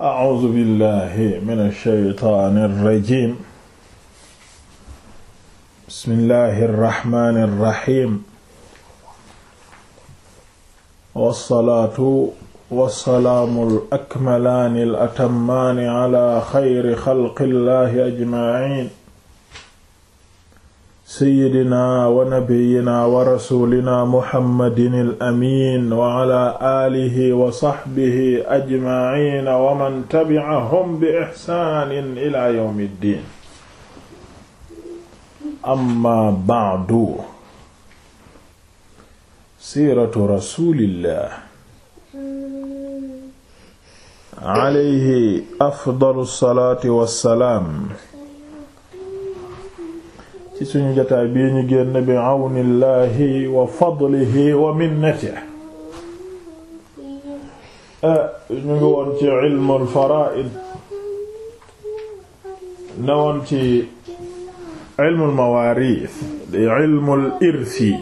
أعوذ بالله من الشيطان الرجيم بسم الله الرحمن الرحيم والصلاة والسلام الأكملان الأتمان على خير خلق الله أجمعين sayyidina wa nabiyyina wa rasulina muhammadin al amin wa ala alihi wa sahbihi ajma'in wa man tabi'ahum bi ihsanin ila yawmi ddin amma ba'du siiratu rasulillah alayhi afdalu salaati wassalaam ci suñu jotaay bii ñu génn bi awnillahi wa fadlihi wa minnatihi eh, ñu ngi woon ci ilmul fara'id ne woon ci ilmul mawarith di ilmul irsi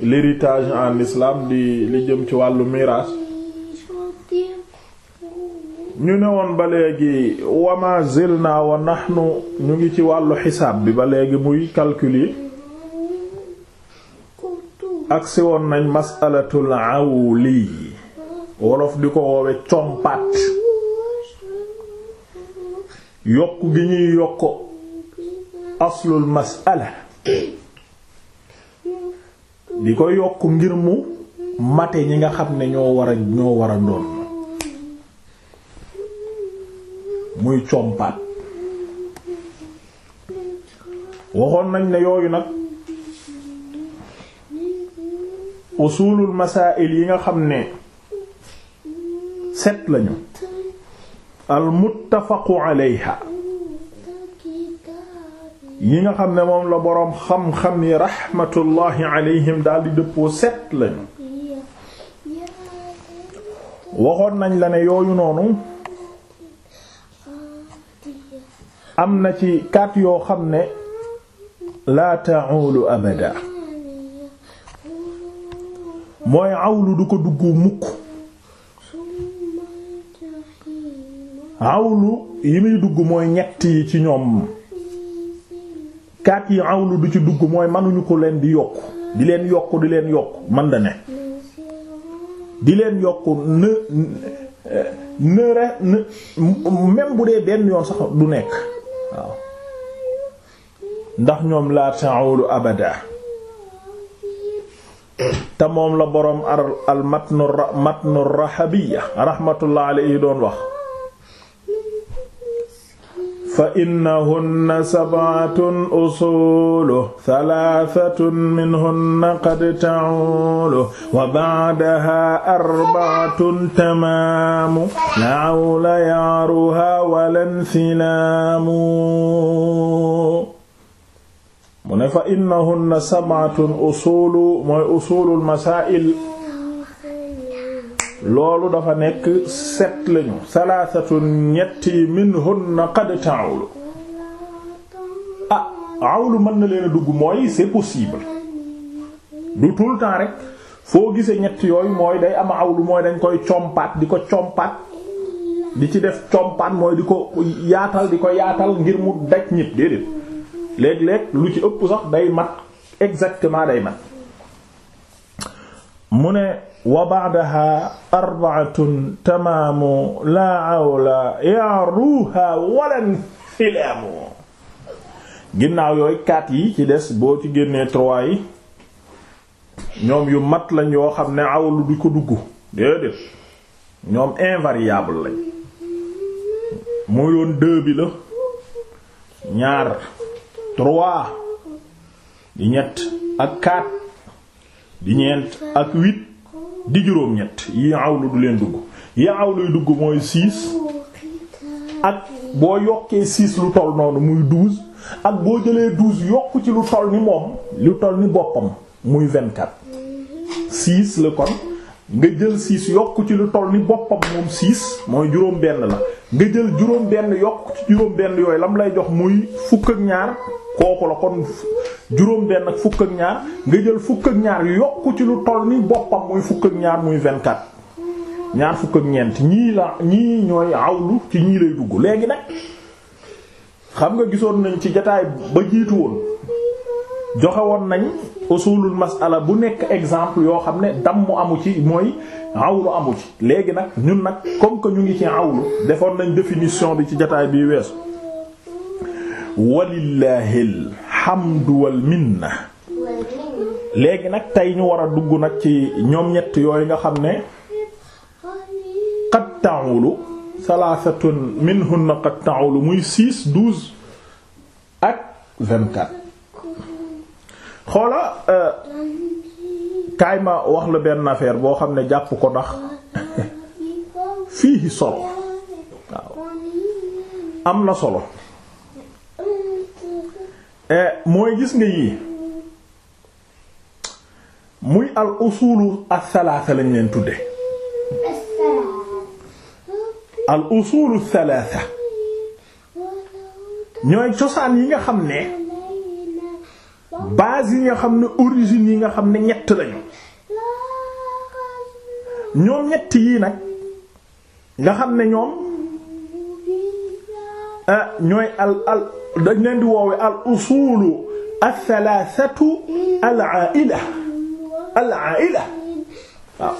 l'héritage en islam di li jëm ci wàllu miraas ñu ne woon ba léegi wama zilna wa nahnu ñu ngi ci wàllu xisaab bi ba léegi muy calcul yi agsi woon nañ masalatul awli wolof di ko woowe compaat yokk gi ñuy yokk aslul masala di ko yokk ngir mu mate ñi nga xam ne ñoo war ñoo war doon muy compaat waxoon nañ ne yooyu nag usulul masaa'il yi nga xam ne set lañu al muttafaqu alayha yi nga xam ne moom la boroom xam-xam yi raxmatullahi alayhim daldi dëppoo set lañu waxoon nañ la ne yooyu noonu am na ci kat yoo xam ne la ta'ulu abada mooy awlu du ko dugg mukk awlu yi muy dugg mooy ñett yi ci ñoom kat yi awlu du ci dugg mooy mënuñu ko leen di yokk di leen yokk di leen yokk mën da ne di leen yokk ne ne re ne même bu dee benn yoon sax du nekk ndax ñoom la ta'ulu abada te moom la boroom al matnu matnu rahabiya rahmatullah alayhi doon wax fa innahunna sab'atun usulu thalathatun minhunna qad ta'ulu wa ba'daha arba'atun tamamu la hawla ya'ruha wa la insilamu mu ne fa innahunna sab'atun usulu mooy usulul masaa'il loolu dafa nekk set lañu salaasatun ñetti minhunna qad ta'ulu ah awlu mën na leen a dugg mooy c'est possible du tout le temps rek foo gisee ñetti yooyu mooy day am awlu mooy dañ koy compaat di ko compaat di ci def compaat mooy di ko yaatal di ko yaatal ngir mu daj ñépp déedéet léeg-léeg lu ci ëpp sax day mat exactement day mat wa ba'daha arba'atun tamaamu laa awla ya'ruha walan hilaamu ginnaaw yooyu kaat yi ci des boo ci génnee trois yi ñoom yu mat lañ yoo xam ne awlu du ko dugg déedéet ñoom invariable lañ mooy doon deux la ñaar trois di ñett ak quatre di ñeent ak huit di juróom-ñett yi awlu du leen dugg yi awluy dugg mooy six ak boo yokkee six lu toll noonu muy douze ak boo jëlee douze yokk ci lu toll ni moom lu toll ni boppam muy vingt-quatre six la kon nga jël six yokk ci lu toll ni boppam moom six mooy juróom-benn la nga jël juróom-benn yokk ci juróom-benn yooyu lam lay jox muy fukk ñaar. kooku la kon juróom benn ak fukk ak ñaar nga jël fukk ak ñaar yokku ci lu toll ni boppam muy fukk ak ñaar muy vingt-quatre ñaar fukk ak ñeent ñii la ñii ñooy awlu ci ñii lay dugg léegi nag xam nga gisoon nañ ci jataay ba jiitu woon joxe woon nañ usulul masala bu nekk exemple yoo xam ne dam amu ci mooy awlu amu ci léegi nag ñun nag comme que ñu ngi ci awlu defoon nañ définition bi ci jataay bi weesu walillaahil hamdu wal léegi nag tey ñu war a dugg nag ci ñoom ñett yooyu nga xam ne qad ta'ulu thalathatun minhunna qad ta'ulu muy six douze ak vingt-quatre xoola euh, kaay ma wax la benn affaire boo xam ne jàpp ko ndax fii solo waaw am na solo E, mooy gis nga yii muy al usulu athalaatha lañ leen tudde al usulu athalaatha ñooy cosaan yi nga xam ne base yi nga xam ne origine yi nga xam ne ñett lañu ñoom ñett yii nag nga xam ne ñoom eh, ñooy al al dañ leen di woowe al usulu athalathatu al aila al aila waaw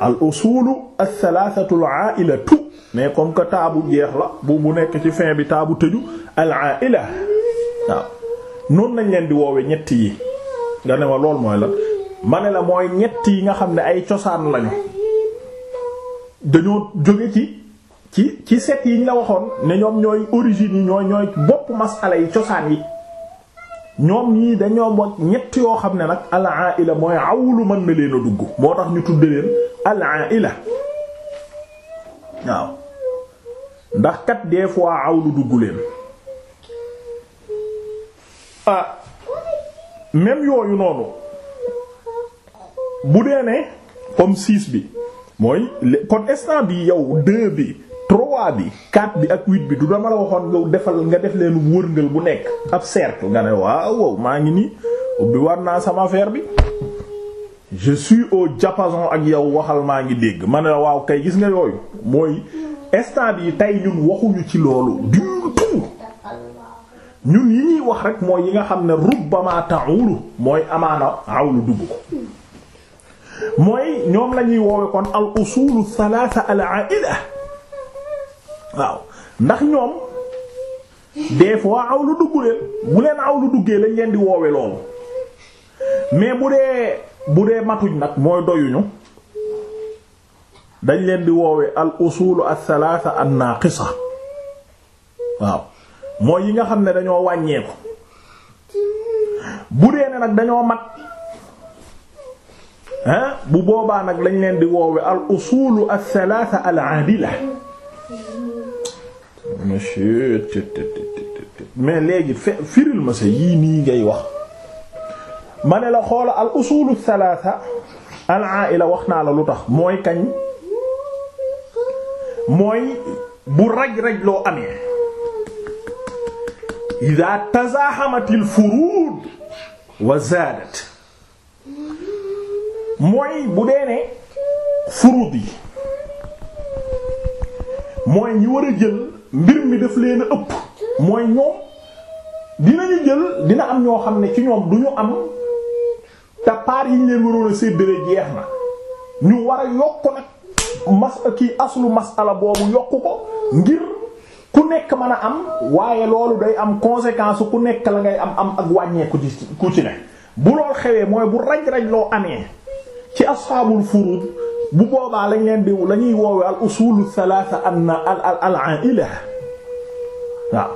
al usulu athalathatu al ailatu mais comme que taabu jeex la bu bu nekk ci fin bi taabu tëju al aila waaw noonu lañ leen di woowe ñetti yi nga ne ma lool mooy la ma la mooy ñett yi nga xam ne ay cosaan lañu dañoo jóge ci ci ci set yiñ la waxoon ne ñoom ñooy origine yi ñooy ñooy bopp masala yi cosaan yi ñoom ñii dañoo bokk ñett yoo xam ne nag al aila mooy awlu mën na leen a dugg moo tax ñu tudde leen al ila waaw ndax kat des fois awlu dugg leen ah même yooyu noonu bu dee ne comme six bi mooy kon instant bi yow deux bi trois bi quatre bi ak huit bi du dama la waxoon nga defal nga def leen wërngal bu nekk ab cercle nga ne waaw maa ngi nii ubbi war naa sama affaire bi je suis au ak yow waxal maa ngi dégg ma ne la waaw kay gis nga yooyu mooy instant yi tey ñun waxuñu ci loolu du tout ñun yi ñuy wax rek mooy yi nga xam ne rubbama ta'ulu mooy amaana awlu dugg ko mooy ñoom la woowe kon al usulu thalatha al a'ila waaw ndax ñoom des fois aw lu dugg leen bu leen aw lu duggee lañ leen di woowe loolu mais bu dee bu dee matuñ nag mooy doyuñu dañ leen di woowe al usulu al thalatha an naqisa waaw mooy yi nga xam ne dañoo wàññeeku bu dee ne nag dañoo mat hein bu boobaa nag dañ leen di woowe al usulu al thalatha al adila mais léegi firil ma sa yii nii ngay wax ma ne la xool al usulu thalatha al aila wax naa la lu tax mooy kañ mooy bu raj-raj loo amee ida tazaxamatil furud wa zaadat mooy bu dee ne furud yi mooy ñi war a jël mbir mi daf leen a ëpp mooy ñoom dinañu jël dina am ñoo xam ne ci ñoom du ñu am te part yi ñu leen waroon a séddale jeex na ñu war a yokk nag mas kii aslu masala boobu yokk ko ngir ku nekk mën a am waaye loolu day am conséquence ku nekk la ngay am am ak wàññeeku ci ku ci ne bu lool xewee mooy bu raj-raj loo amee ci ashabul furud bu boobaa lañ leen di la ñuy woowee al usulu thalatha an al al al aila waaw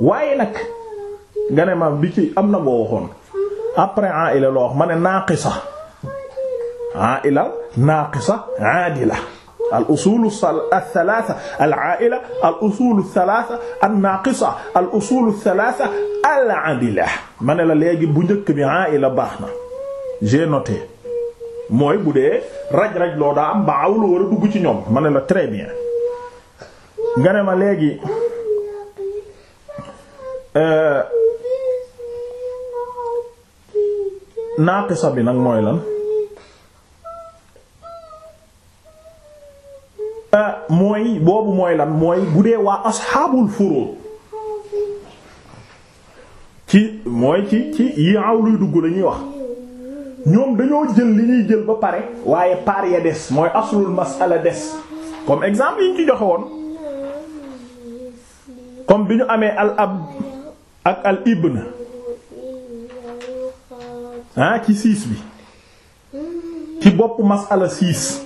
waaye nag nga ne ma bi ci am na boo waxoon après aila loo wax ma ne naaqisa aila naaqisa aadila al usulu thalatha al aila al usulu thalatha an naaqisa al usulu thalatha al aadila ma ne la léegi bu njëkk bi aila baax na j'ai noté mooy bu dee raj-raj loo daa am baaw lu war a dugg ci ñoom ma ne la très bien nga ma léegi euh, naaqisa bi nag mooy lan euh, mooy boobu mooy lan mooy bu dee waa asxaabul furuud ci mooy ci ci yi aw luy dugg lañuy wax ñoom dañoo jël li ñuy jël ba pare waaye paar ya des mooy aslul masala des comme exemple yi ñu ci joxe woon comme bi ñu amee al ab ak al ibn ah ci siis bi ci boppu masala siis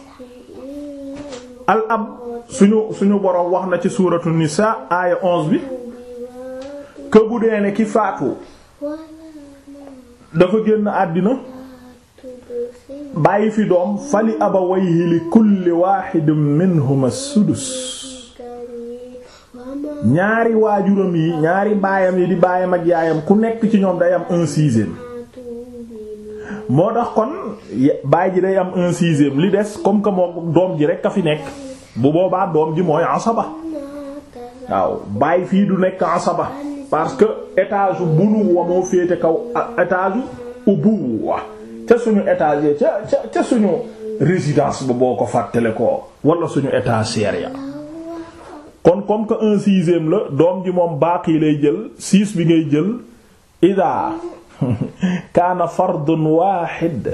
al ab suñu suñu boroom wax na ci suuratu nisa aaya onze bi que bu ne ki faatu dafa génn àddina bàyyi fi doom fali abawayhi li kulli waaxidin minhuma sudus ñaari waajuram yi ñaari baayam yi di baayam ak yaayam ku nekk ci ñoom day am un sixième moo tax kon baay ji day am un sixième li des comme que moom doom ji rek a fi nekk bu boobaa doom ji mooy asaba waaw baay fii du nekk asaba parce que étage bu nu wa moo féete kaw étage ubuwa ca suñu étage ca ca ca suñu résidence ba boo ko fàttale ko wala suñu étagère ya kon comme que un sixième la doom ji moom baaqi lay jël six bi ngay jël ida kaana fardun waaxid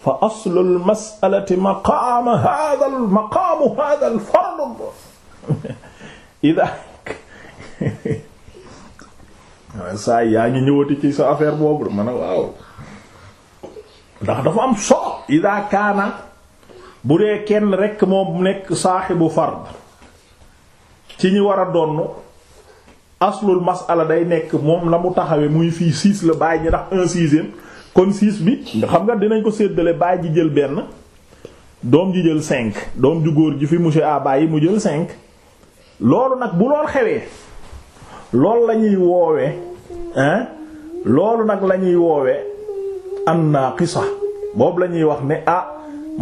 fa aslu almasalati maqaamu hada maqaamu hada al fard ida saa yaa ngi ñëwati ci sa affaire boobu man waaw ndax dafa am solo ida kaana bu dee kenn rekk moom nekk bu far ci ñi war a donn aslul masala day nekk moom la mu taxawee muy fii six la bàyyi ñi ndax un sixième kon six bi nga xam nga dinañ ko séddale bàyyi ji jël benn doom ji jël cinq doom ju góor ji fi monsieur a bàyyi mu jël cinq loolu nag bu lool xewee loolu la ñuy woowee loolu nag lañuy ñuy woowee an-naqisa boobu lañuy wax ne a ah,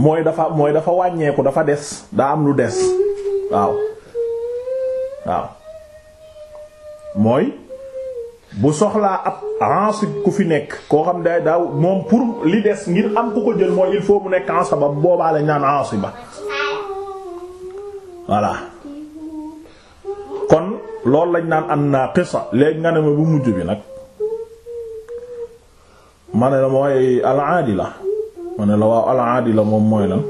mooy dafa mooy dafa wàññeeku dafa des daa am lu des waaw waaw mooy bu soxlaa ab ansib ku fi nekk koo xam day daaw moom pour li des ngir am ku ko jël mooy il faut mu nekk ansaba boobaa lañ naan ansiba voilà kon loolu lañ naan an naqisa léegi nga ne ma bu mujj bi nag ma ne la mooy al la moom mooy lan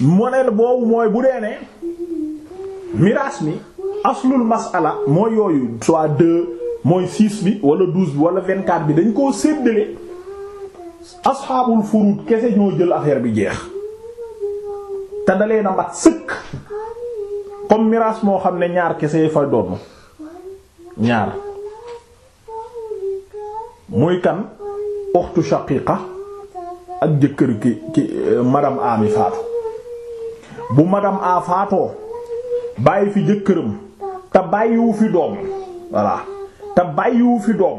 ma ne la boobu mooy bu dee ne miraas mi aslul masala mooy yooyu soit deux mooy six bi wala douze bi wala vingt bi dañ koo séddale asxaabul furuut kese ñoo jël affaire bi jeex te dalee na mat sëkk comme miraas moo xam ne ñaar kese fay doon ñaar. muy kan uxtu shaqiqa ak jëkkër ki ki eh, madame A mi faatu bu madame A faatoo bàyyi fi jëkkëram te bàyyiwu fi doom voilà te bàyyiwu fi doom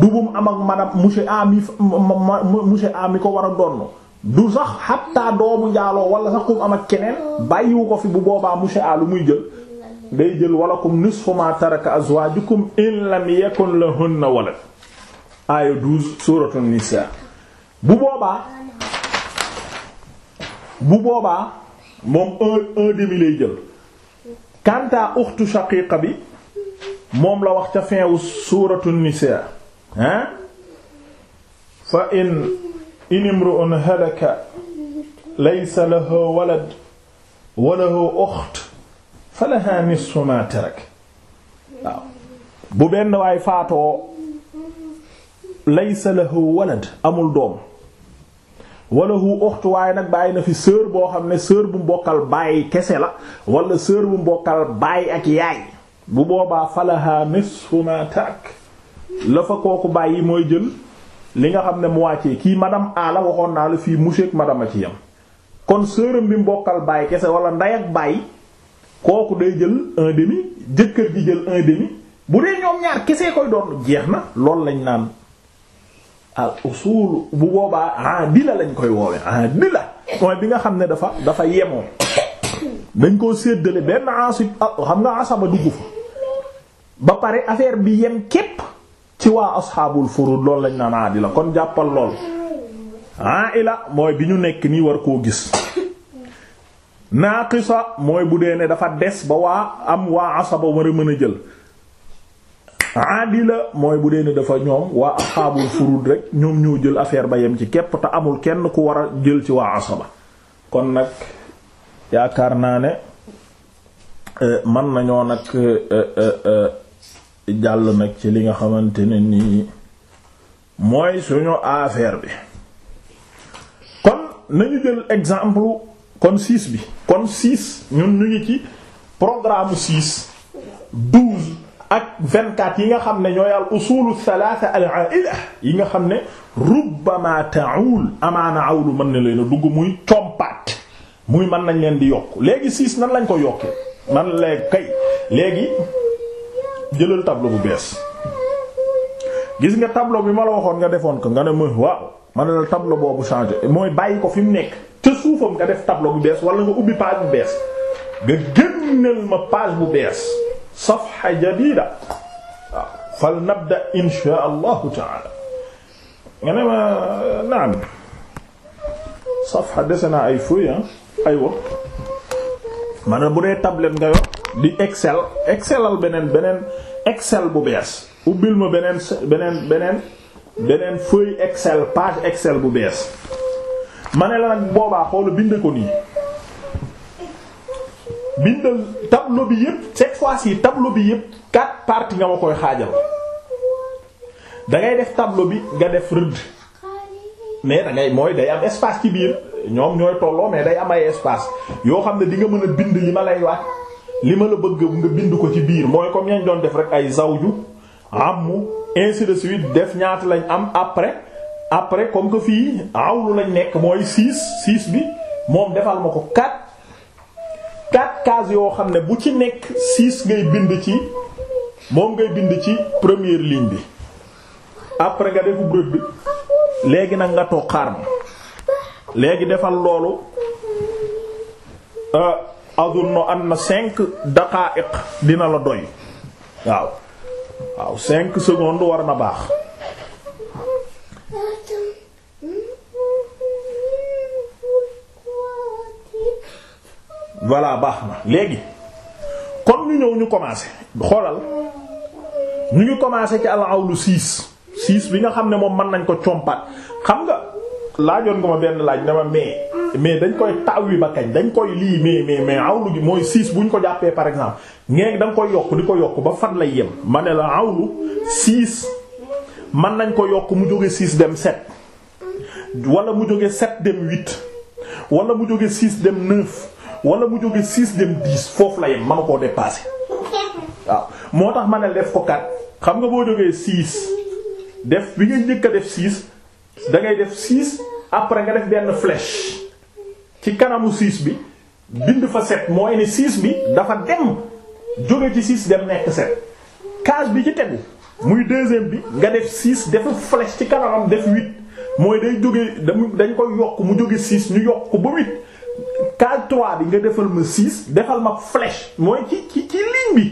dubum am ak madame monsieur A mi ko war a donn du sax xattaa doomu njaaloo wala sax kum am ak keneen bàyyiwu ko fi bu boobaa monsieur A lu muy jël day jël walakum nisfu ma taraka azwajukum in lam yakun lahunna walad aaya 12 suratu nisa bu boobaa bu boobaa moom un demi lay jël kanta uxtu shaqiqa bi moom la wax ca fin wu suratu nisa fa in in imru'un halaka laysa lahu walad wa lahu ukht falaha nisfu ma tarak bu benn waay faatoo laysa lahu walad amul doom wala hu waaye nag bàyyi na fi sœur boo xam ne sër bu mbokkal bàyyi kese la walla sër bu mbokkal bàyyi ak yaay bu boobaa falaha nisfu ma tarak la kooku bàyyi mooy jël li nga xam ne moitié kii madame A waxoon naa la fii monsieur ak madame ci yam kon sœuram bi mbokkal bàyyi kese wala nday ak bàyyi kooku day jël un jëkkër ji jël un demi bu dee ñoom ñaar kese koy doon jeex na loolu lañ naan al ah, usul bu boobaa aadila lañ koy woowe aadila mooy bi nga xam ne dafa dafa yemoo dañ koo séddale benn asib ah, xam nga asaba dugg fa ba pare affaire bi yem képp ci waa asxaabul furud loolu lañ naan aadila kon jàppal lool aila mooy bi ñu nekk nii war koo gis naaqisa mooy bu dee ne dafa des ba waa am waa asaba war a mën a jël adila mooy bu dee ne dafa ñoom waa asxaabul furud rek ñoom ñoo jël affaire ba yem ci képp te amul kenn ku war jël ci waa asaba kon nag yaakaar naa ne euh, man nañoo nag euh, euh, jàll nag ci li nga xamante ne nii mooy suñu affaire bi kon nañu jël exemple kon 6 bi kon 6 ñun ñu ngi ci programme 6 ak 24 yi nga xam ne ñooy al usulu thalatha al aila yi nga xam ne rubbama ta'ul amaana awlu mën na leen a dugg muy compact muy mën nañ leen di yokk léegi siis nan lañ ko yokkee man la kay léegi jëlal tableau bu bees gis nga tableau bi ma la waxoon nga defoon ko nga ne ma waaw mën ne la tableau boobu changé mooy bàyyi ko fi mu nekk te suufam nga def tableau bu bees wala nga ubbi page bu bees nga génnal ma page bu bees safha jadida waaw fal nabda insha allahu taala nga ne ma naam safha dese naa ay feuilles ah aywa ma ne bu dee tablette nga yor di excel excelal beneen beneen excel bu bees ubbil ma beneen beneen beneen beneen feuille excel page excel bu bees ma ne la nag boobaa xoola binde ko nii bindal tableau bi yëpp cette fois-ci tableau bi yëpp quatre parties nga ma koy xaajal da ngay def tableau bi nga def rëdd mais da mooy day am espace ci biir ñoom ñooy tolloo mais day am ay yoo xam ne di nga mën a bind li ma lay wax li ma la bëgg nga bind ko ci biir mooy comme yañ doon def rek ay zawju amu ainsi de suite def ñaata lañ am après après comme que fii awlu lañ nekk mooy six six bi moom defal ma ko quatre quatre cases yoo xam ne bu ci nekk six ngay bind ci moom ngay bind ci première ligne bi après nga defu bërëb bi léegi nag nga toog xaar ma léegi defal loolu euh, adunno am na cinq daqaa'iq dina la doy waaw waaw cinq secondes war na baax voilà baax na léegi kon ñu ñëw ñu commencé xoolal ñu ngi commencé ci al-awlu 6 6 bi nga xam ne moom mën nañ ko compat xam nga laajoon nga ma benn laaj ne ma mais mais dañ koy taw wi ba kañ dañ koy lii mais mais mais awlu gi mooy 6 bu ñu ko jàppee par exemple ngeen da nga koy yokk di ko yokk ba fan lay yem ma ne la awlu 6 mën nañ ko yokk mu jóge 6 dem 7 wala mu jóge 7 dem 8 wala mu jóge 6 dem 9. wala mu jóge six dem dix foofu la yem manu koo dépasser waaw moo tax ma ne def ko kat xam nga boo jógee six def bi ngay njëkk a def six da ngay def six après nga def benn flèche ci kanamu six bi bind fa set moo ne six bi dafa dem jóge ci six dem nekk sept case bi ci tegu muy deuxième bi nga def six def flèche ci kanamam def huit mooy day jóge dañ koy yokk mu jóge six ñu yokk ko ba huit case 3 bi nga defal ma 6 defal ma flèche mooy ci ci ci bi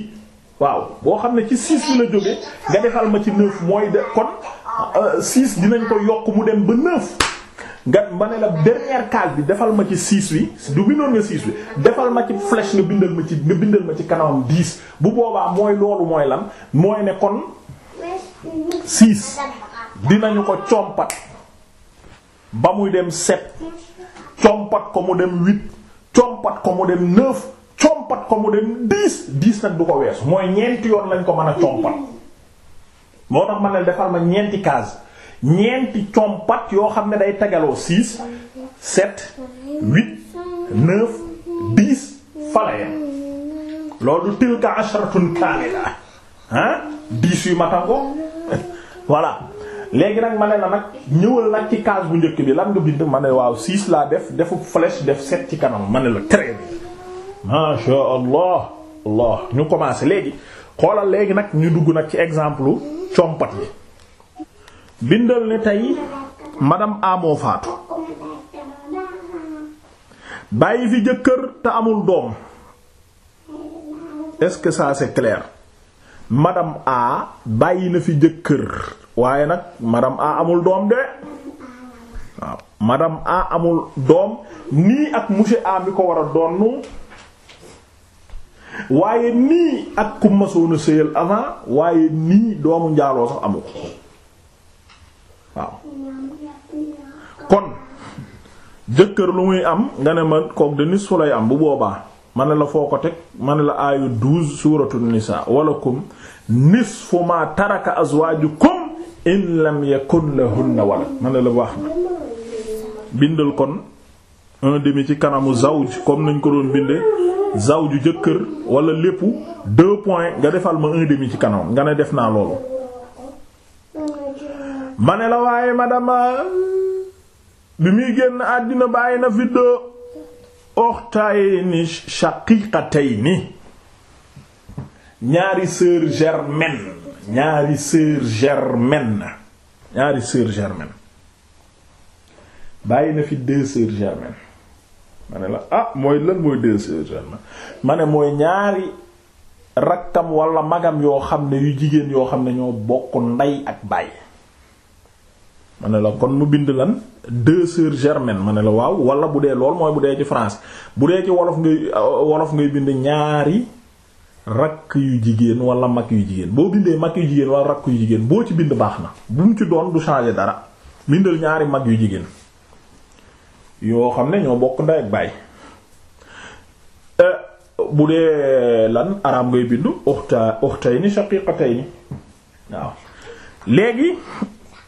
waaw boo xam ne ci 6 bi la jóge nga defal ma ci 9 mooy de kon 6 euh, dinañ ko yokk mu dem ba 9 nga la dernière bi defal ma ci 6 wi du bindoon nga defal ma ci flèche bindal ma ci nga bindal ma ci kanamam 10 bu boobaa mooy loolu mooy lan mooy ne kon 6 dinañu ko compat ba muy dem 7 compat ko mu dem 8 compat ko mu dem neuf compat ko mu dem dix dix nag du ko weesu mooy ñeenti yoon lañ ko mën a compat moo tax man la defal ma ñeenti case ñeenti compat yoo xam ne day tegaloo six sept huit neuf dix fale loolu tilka asharatun kaamila ah dix yu matango voilà léegi nag ma ne la nag ñëwal nag ci case bu njëkk bi lan nga bind ma ne waaw 6 laa def defu flèche def 7 ci kanam ma ne la très bien masha allah allah ñu commencé léegi xoolal léegi nag ñu dugg nag ci exemple compat yi bindal ne tey madame amoo faatu bàyyi fi jëkkër te amul doom est-ce que ça c'est clair a bàyyi na fi jëkkër waaye nag madame A amul doom de waaw amul doom nii ak monsieur A mi ko war a doon waaye nii ak ku masoon a avant waaye nii doomu njaaloo sax amu ko waaw kon jëkkër lu muy am nga ne ma kook de nis fu lay am bu boobaa ma ne la foo ko teg ma ne la aayu 12 suuratu nisa walakum nisfu ma taraka azwaajukum in lam yakun lahunna walad ma ne la wax na bindal kon un ci kanamu zawj comme nañ ko doon binde zawju jëkkër walla lépp deux points nga defal ma un ci kanam nga ne def naa loolu ma ne la waaye madame bi muy génn àddina bàyyi na fi deux uxtayni shaqiqatayni ñaari sœur germaine ñaari sœur germaine ñaari sœur germaine bàyyi na fi deux sœurs germaines ma ne la ah mooy lan mooy deux sœurs germaines ma ne mooy ñaari rakkam wala magam yoo xam ne yu jigéen yoo xam ne ñoo bokk ndey ak baay ma ne la kon mu bind lan deux sœurs germaines ma ne la waaw wala bu dee lool mooy bu dee ci France bu dee ci wolof ngay wolof ngay bind ñaari rakk yu jigéen wala mag yu jigéen boo bindee mag yu jigéen wala rakk yu jigéen boo ci bind baax na bu mu ci doon du changer dara bindal ñaari mag yu jigéen yoo xam ne ñoo bokk ndey ak baay eh, bu dee lan arab ngay bindu uxta uxtayni shaqiqatayni waaw léegi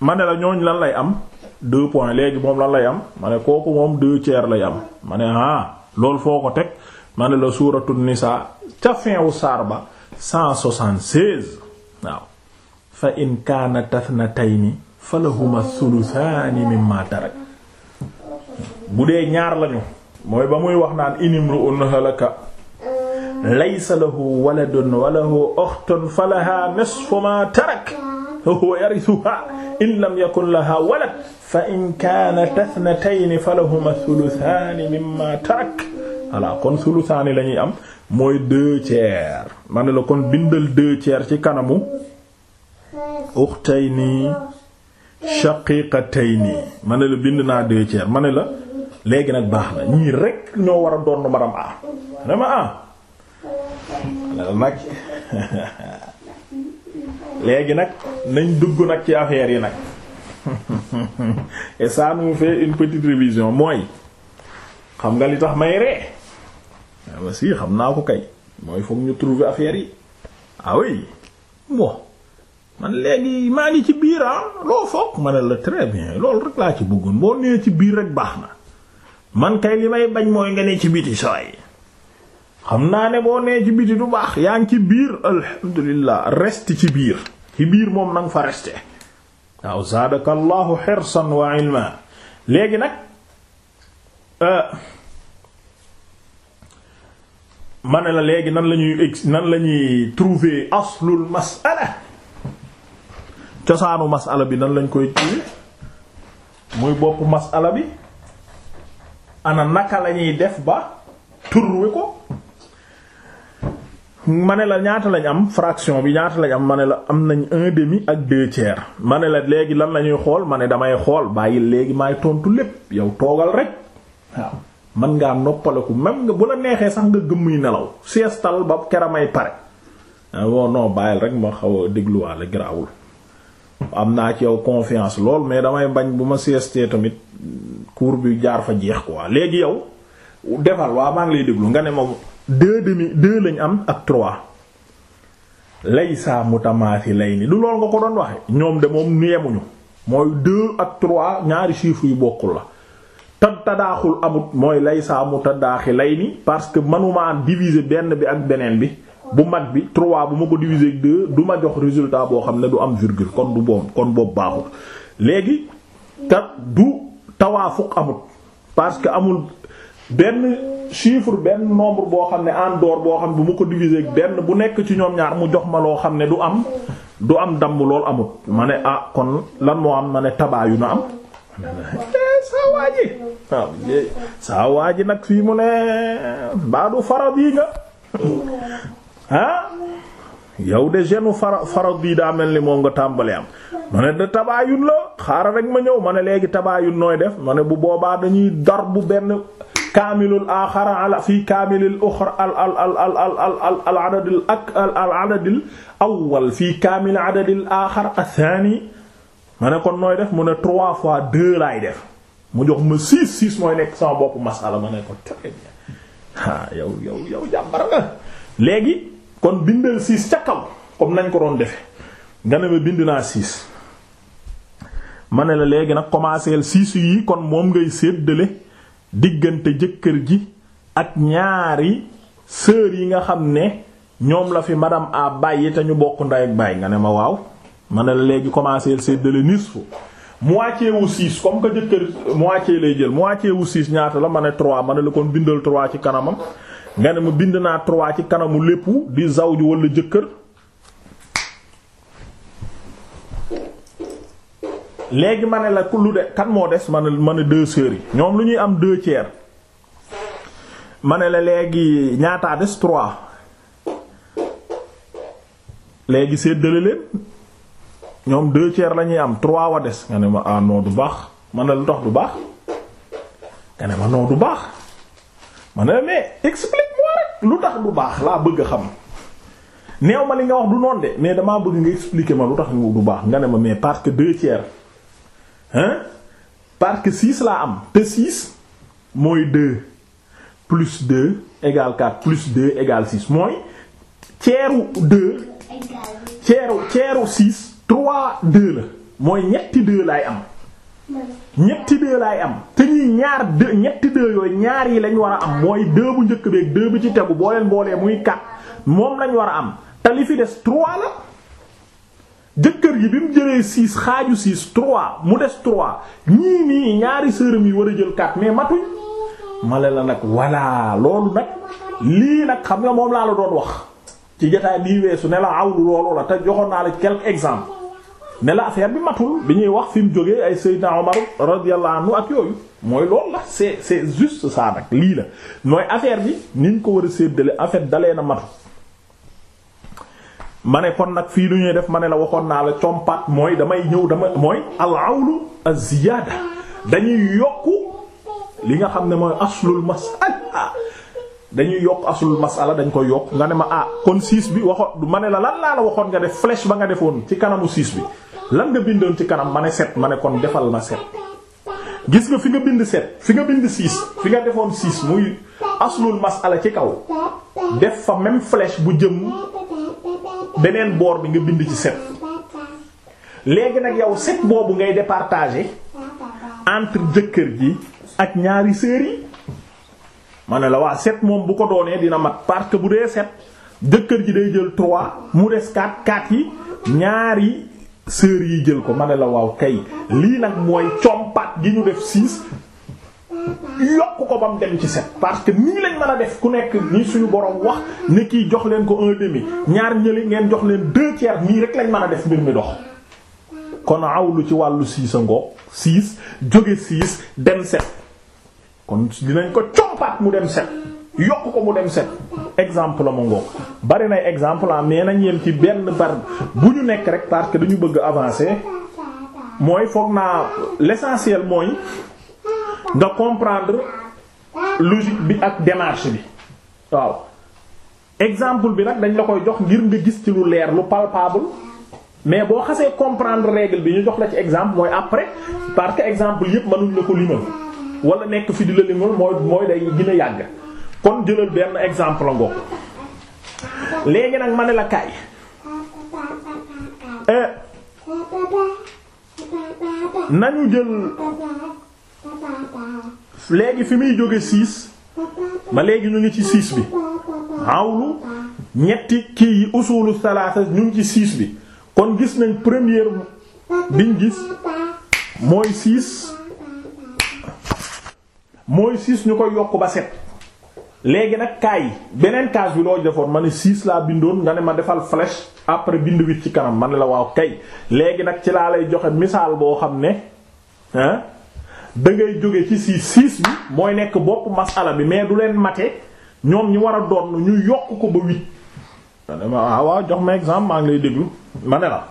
ma ne la ñooñ lan lay am deux points léegi moom lan lay am ma ne kooku moom deux tiers lay am ma ne ah loolu foo ko teg ma ne la suuratu nisaa ca fin wu saar ba 176 waaw fa in kaanat ithnatayni falahuma thuluthaani mimma tarak bu dee ñaar lañu mooy ba muy wax naan in imru'un halaka laysa lahu waladun wa lahu ukhtun falaha nisfu ma tarak wa huwa yarithuha in lam yakun laha walad fa in kaanat ithnatayni falahuma thuluthaani mimma tarak voilà kon sulusaani lañuy am mooy deux tiers ma ne la kon bindal deux tiers ci kanamu uxtayni shaqiqatayni ma ne la bind naa deux tiers ma la léegi nag baax na ñii rek ñoo war a doon maram ah dama ah nag léegi nag nañ dugg nag ci affaire yi nag et ça nous une petite révision mooy xam nga li tax may ree Ah, ma si xam naa ko kay mooy foog ñu trouver affaire yi ah oui bon man léegi maa ngi ci biir ah loo foog ma ne la très bien loolu rek laa ci bëggoon boo nee ci biir rek baax na man kay li may bañ mooy nga ne ci biti saa yi xam naa ne boo nee ci biti du baax yaa ngi ci biir alhamdulilah reste ci biir ci biir moom nanga fa reste waaw zaadaka allahu xirsan wa ilma léegi nag euh, ma ne la léegi nan la ñuy ex nan lañuy ñuy trouver aslul masala cosaanu masala bi nan lañ koy trouver muy mas ala bi ana naka la ñuy def ba trouver ko ma ne la ñaata lañ am fraction bi ñaata lañ am ma ne la am nañ un ak deux tiers ma ne la léegi lan la ñuy xool ma ne damay xool bàyyi léegi maay tontu lépp yow toogal rek waaw man ngaa noppaleku même nga bu la neexee sax nga gëmmuy nelaw siestal ba keramay pare wo ah, non bàyyil rek ma xaw a dégluwaale garaawul am naa ci yow confiance lool mais damay bañ bu ma sieste tamit cours bi jaar fa jeex waa léegi yow defal waa maa ngi lay déglu nga ne ma deux demi deux lañ am ak trois laysa mutamaasi lay ni du lool nga ko doon waxe ñoom de moom yemuñu mooy deux ak trois ñaari chiffres yu bokkul la tab tadaaxul amut mooy lay saa mu tadaaxi lay ni parce que manuma am diviser benn bi ak beneen bi bu mag bi 3 bu ma ko divisé ak 2 du ma boo xam ne du am virgule kon du boobu kon boobu baaxul léegi te du tawaafuq amut parce que amul benn chiffre benn nombre boo xam ne en dehors boo xam ne bu ma ko diviser ak benn bu nekk ci ñoom ñaar mu jox ma loo xam ne du am du am damm lool amut ma ne ah kon lan moo am ma ne yu na am saa ji nag fii mu ne baadu farad nga ah yow de genu fara farad daa mel ni moom nga tàmbali am ma ne da tabaayun la xaaral rek ma ñëw ma ne léegi tabaayun nooy def ma ne bu boobaa dañuy dar bu benn kaamilul aaxara ala fii kaamilil uxra al al al al al al al al adadil ak al al adadil fii kaamil adadil aaxar athani ma ne kon nooy def mu ne trois fois deux def mu jox ma siis siis mooy nekk sama bopp masala ma ne ko très bien ah yow yow jàmbar nga léegi kon bindal siis ca kaw comme nañ ko doon defe nga ne ma bind naa siis ma ne la léegi nag commencé siis yi kon moom ngay séddale diggante jëkkër ji ak ñaari sœur yi nga xam ne ñoom la fi madame a bàyyi te ñu bokk ndey ak bàyyi nga ne ma waaw ma ne la léegi commencé séddale nisfu moitié wu 6 comme que jëkkër moitié lay jël moitié wu 6 ñaata la ma ne 3 ma ne la kon bindal 3 ci kanamam nga ne ma bind naa 3 ci kanamu lépp di zawju wala jëkkër. léegi ma ne la ku lu de kan moo des ma ne ma ne deux sœurs ñoom lu ñuy am deux tiers ma ne la léegi ñaataa des 3 léegi séddale leen. ñoom deux tiers la ñuy am trois wa des nga ne ma ah non du baax man la lu tax du baax nga ne ma non du baax ma ne mais explique-moi rek lu tax du baax laa bëgg xam neew ma li nga wax du noon de mais damaa bëgg nga expliquer ma lu tax du baax nga ne ma mais parce que deux tiers hein parce que laa am te six mooy deux plus deux égale quatre plus deux égale six mooy ceeru deux ceeru ceeru six trois deux la mooy ñetti deux laay am ñetti deux laay am te ñuy ñaar deux ñetti deux yooyu ñaar yi lañu war a am mooy deux bu njëkk beeg deux bi ci tegu boo leen boolee muy quatre moom lañ war a am te li fi des trois la jëkkër ji bi mu jëlee six xaaju six trois mu des trois ñii nii ñaari sërëm yi war a jël quatre mais matuñ male la nag voilà loolu nag lii nag xam nga moom laa la doon wax ci jotaay bii weesu ne la awlu loolu la te joxoon naa la quelques exemples ne la affaire bi matul bi ñuy wax fi mu jógee ay Seydina Omar radiyallahu anhu ak yooyu mooy loolu la c'est c'est juste ça nag lii la mooy affaire bi ni ñu ko war a séddale en dalee na matul. ma ne kon nag fii lu ñuy def ma ne la waxoon naa la compat mooy damay ñëw dama mooy al awlu az-ziyaada dañuy yokku li nga xam ne mooy aslul mas'ala ah, dañuy yokk aslul masala dañ koy yokk nga ne ma ah kon siis bi waxoon ma ne la lan laa la waxoon nga def flèche ba nga defoon ci kanamu siis bi lan nga bindoon ci kanam ma ne set ma ne kon defal ma set gis nga fi nga bind set fi nga bind siis fi nga defoon siis muy aslul masala ci kaw def fa même flèche bu jëm beneen boor bi nga bind ci set léegi nag yow set boobu ngay départager entre jëkkër ji ak ñaari sœur ma ne la waa sept moom bu ko doonee dina mat parce que bu dee set jëkkër ji day jël trois mu des quatre quatre yi ñaari sœurs yi jël ko ma la waaw kay lii nag mooy compat gi ñu def six yokk ko bam dem ci sept parce que nii lañ mën a def ku nekk nii suñu borom wax ne kii jox leen ko un ñaar ñëli ngeen jox leen deux tiers nii rek lañ mën a def mbir mi dox kon awlu ci wàllu six a ngoog six jóge six dem sept kon dinañ ko compaat mu dem set yokk ko mu dem set exemple la ma ngoog bari nay exemple am ah, mais nañ yem ci benn bar bu ñu nekk rek parce dañu bëgg avancer mooy foog naa l'essentiel mooy nga comprendre logique bi ak démarche bi waaw exemple bi nag dañ la koy jox ngir nga gis ci lu leer lu palpable mais boo xasee comprendre règle bi ñu jox la ci exemple mooy après parce que exemple yépp mënuñ la ko limal wala nekk fi di la limal mooy mooy day gën yàgg kon jëlal benn exemple la ngoog léegi nag ma ne la kaay eh, nañu jël léegi fi muy jóge six ba léegi ñu ngi ci six bi awlu ñetti kii yi usulu salaasa ñu ngi ci six bi kon gis nañ première biñ gis mooy six mooy six ñu ko yokk ba set léegi nag kaay beneen kaas bi loo defoon ma ne six laa bindoon nga ne ma defal flèche après bind huit ci kanam ma ne la waaw kay léegi nag ci laa lay joxe misaal boo xam ne ah da ngay jóge ci six bi mooy nekk bopp masala bi mais du leen mate ñoom ñi war a doon ñu yokk ko ba huit. ma ah waaw jox ma exemple maa ngi lay déglu ma ne la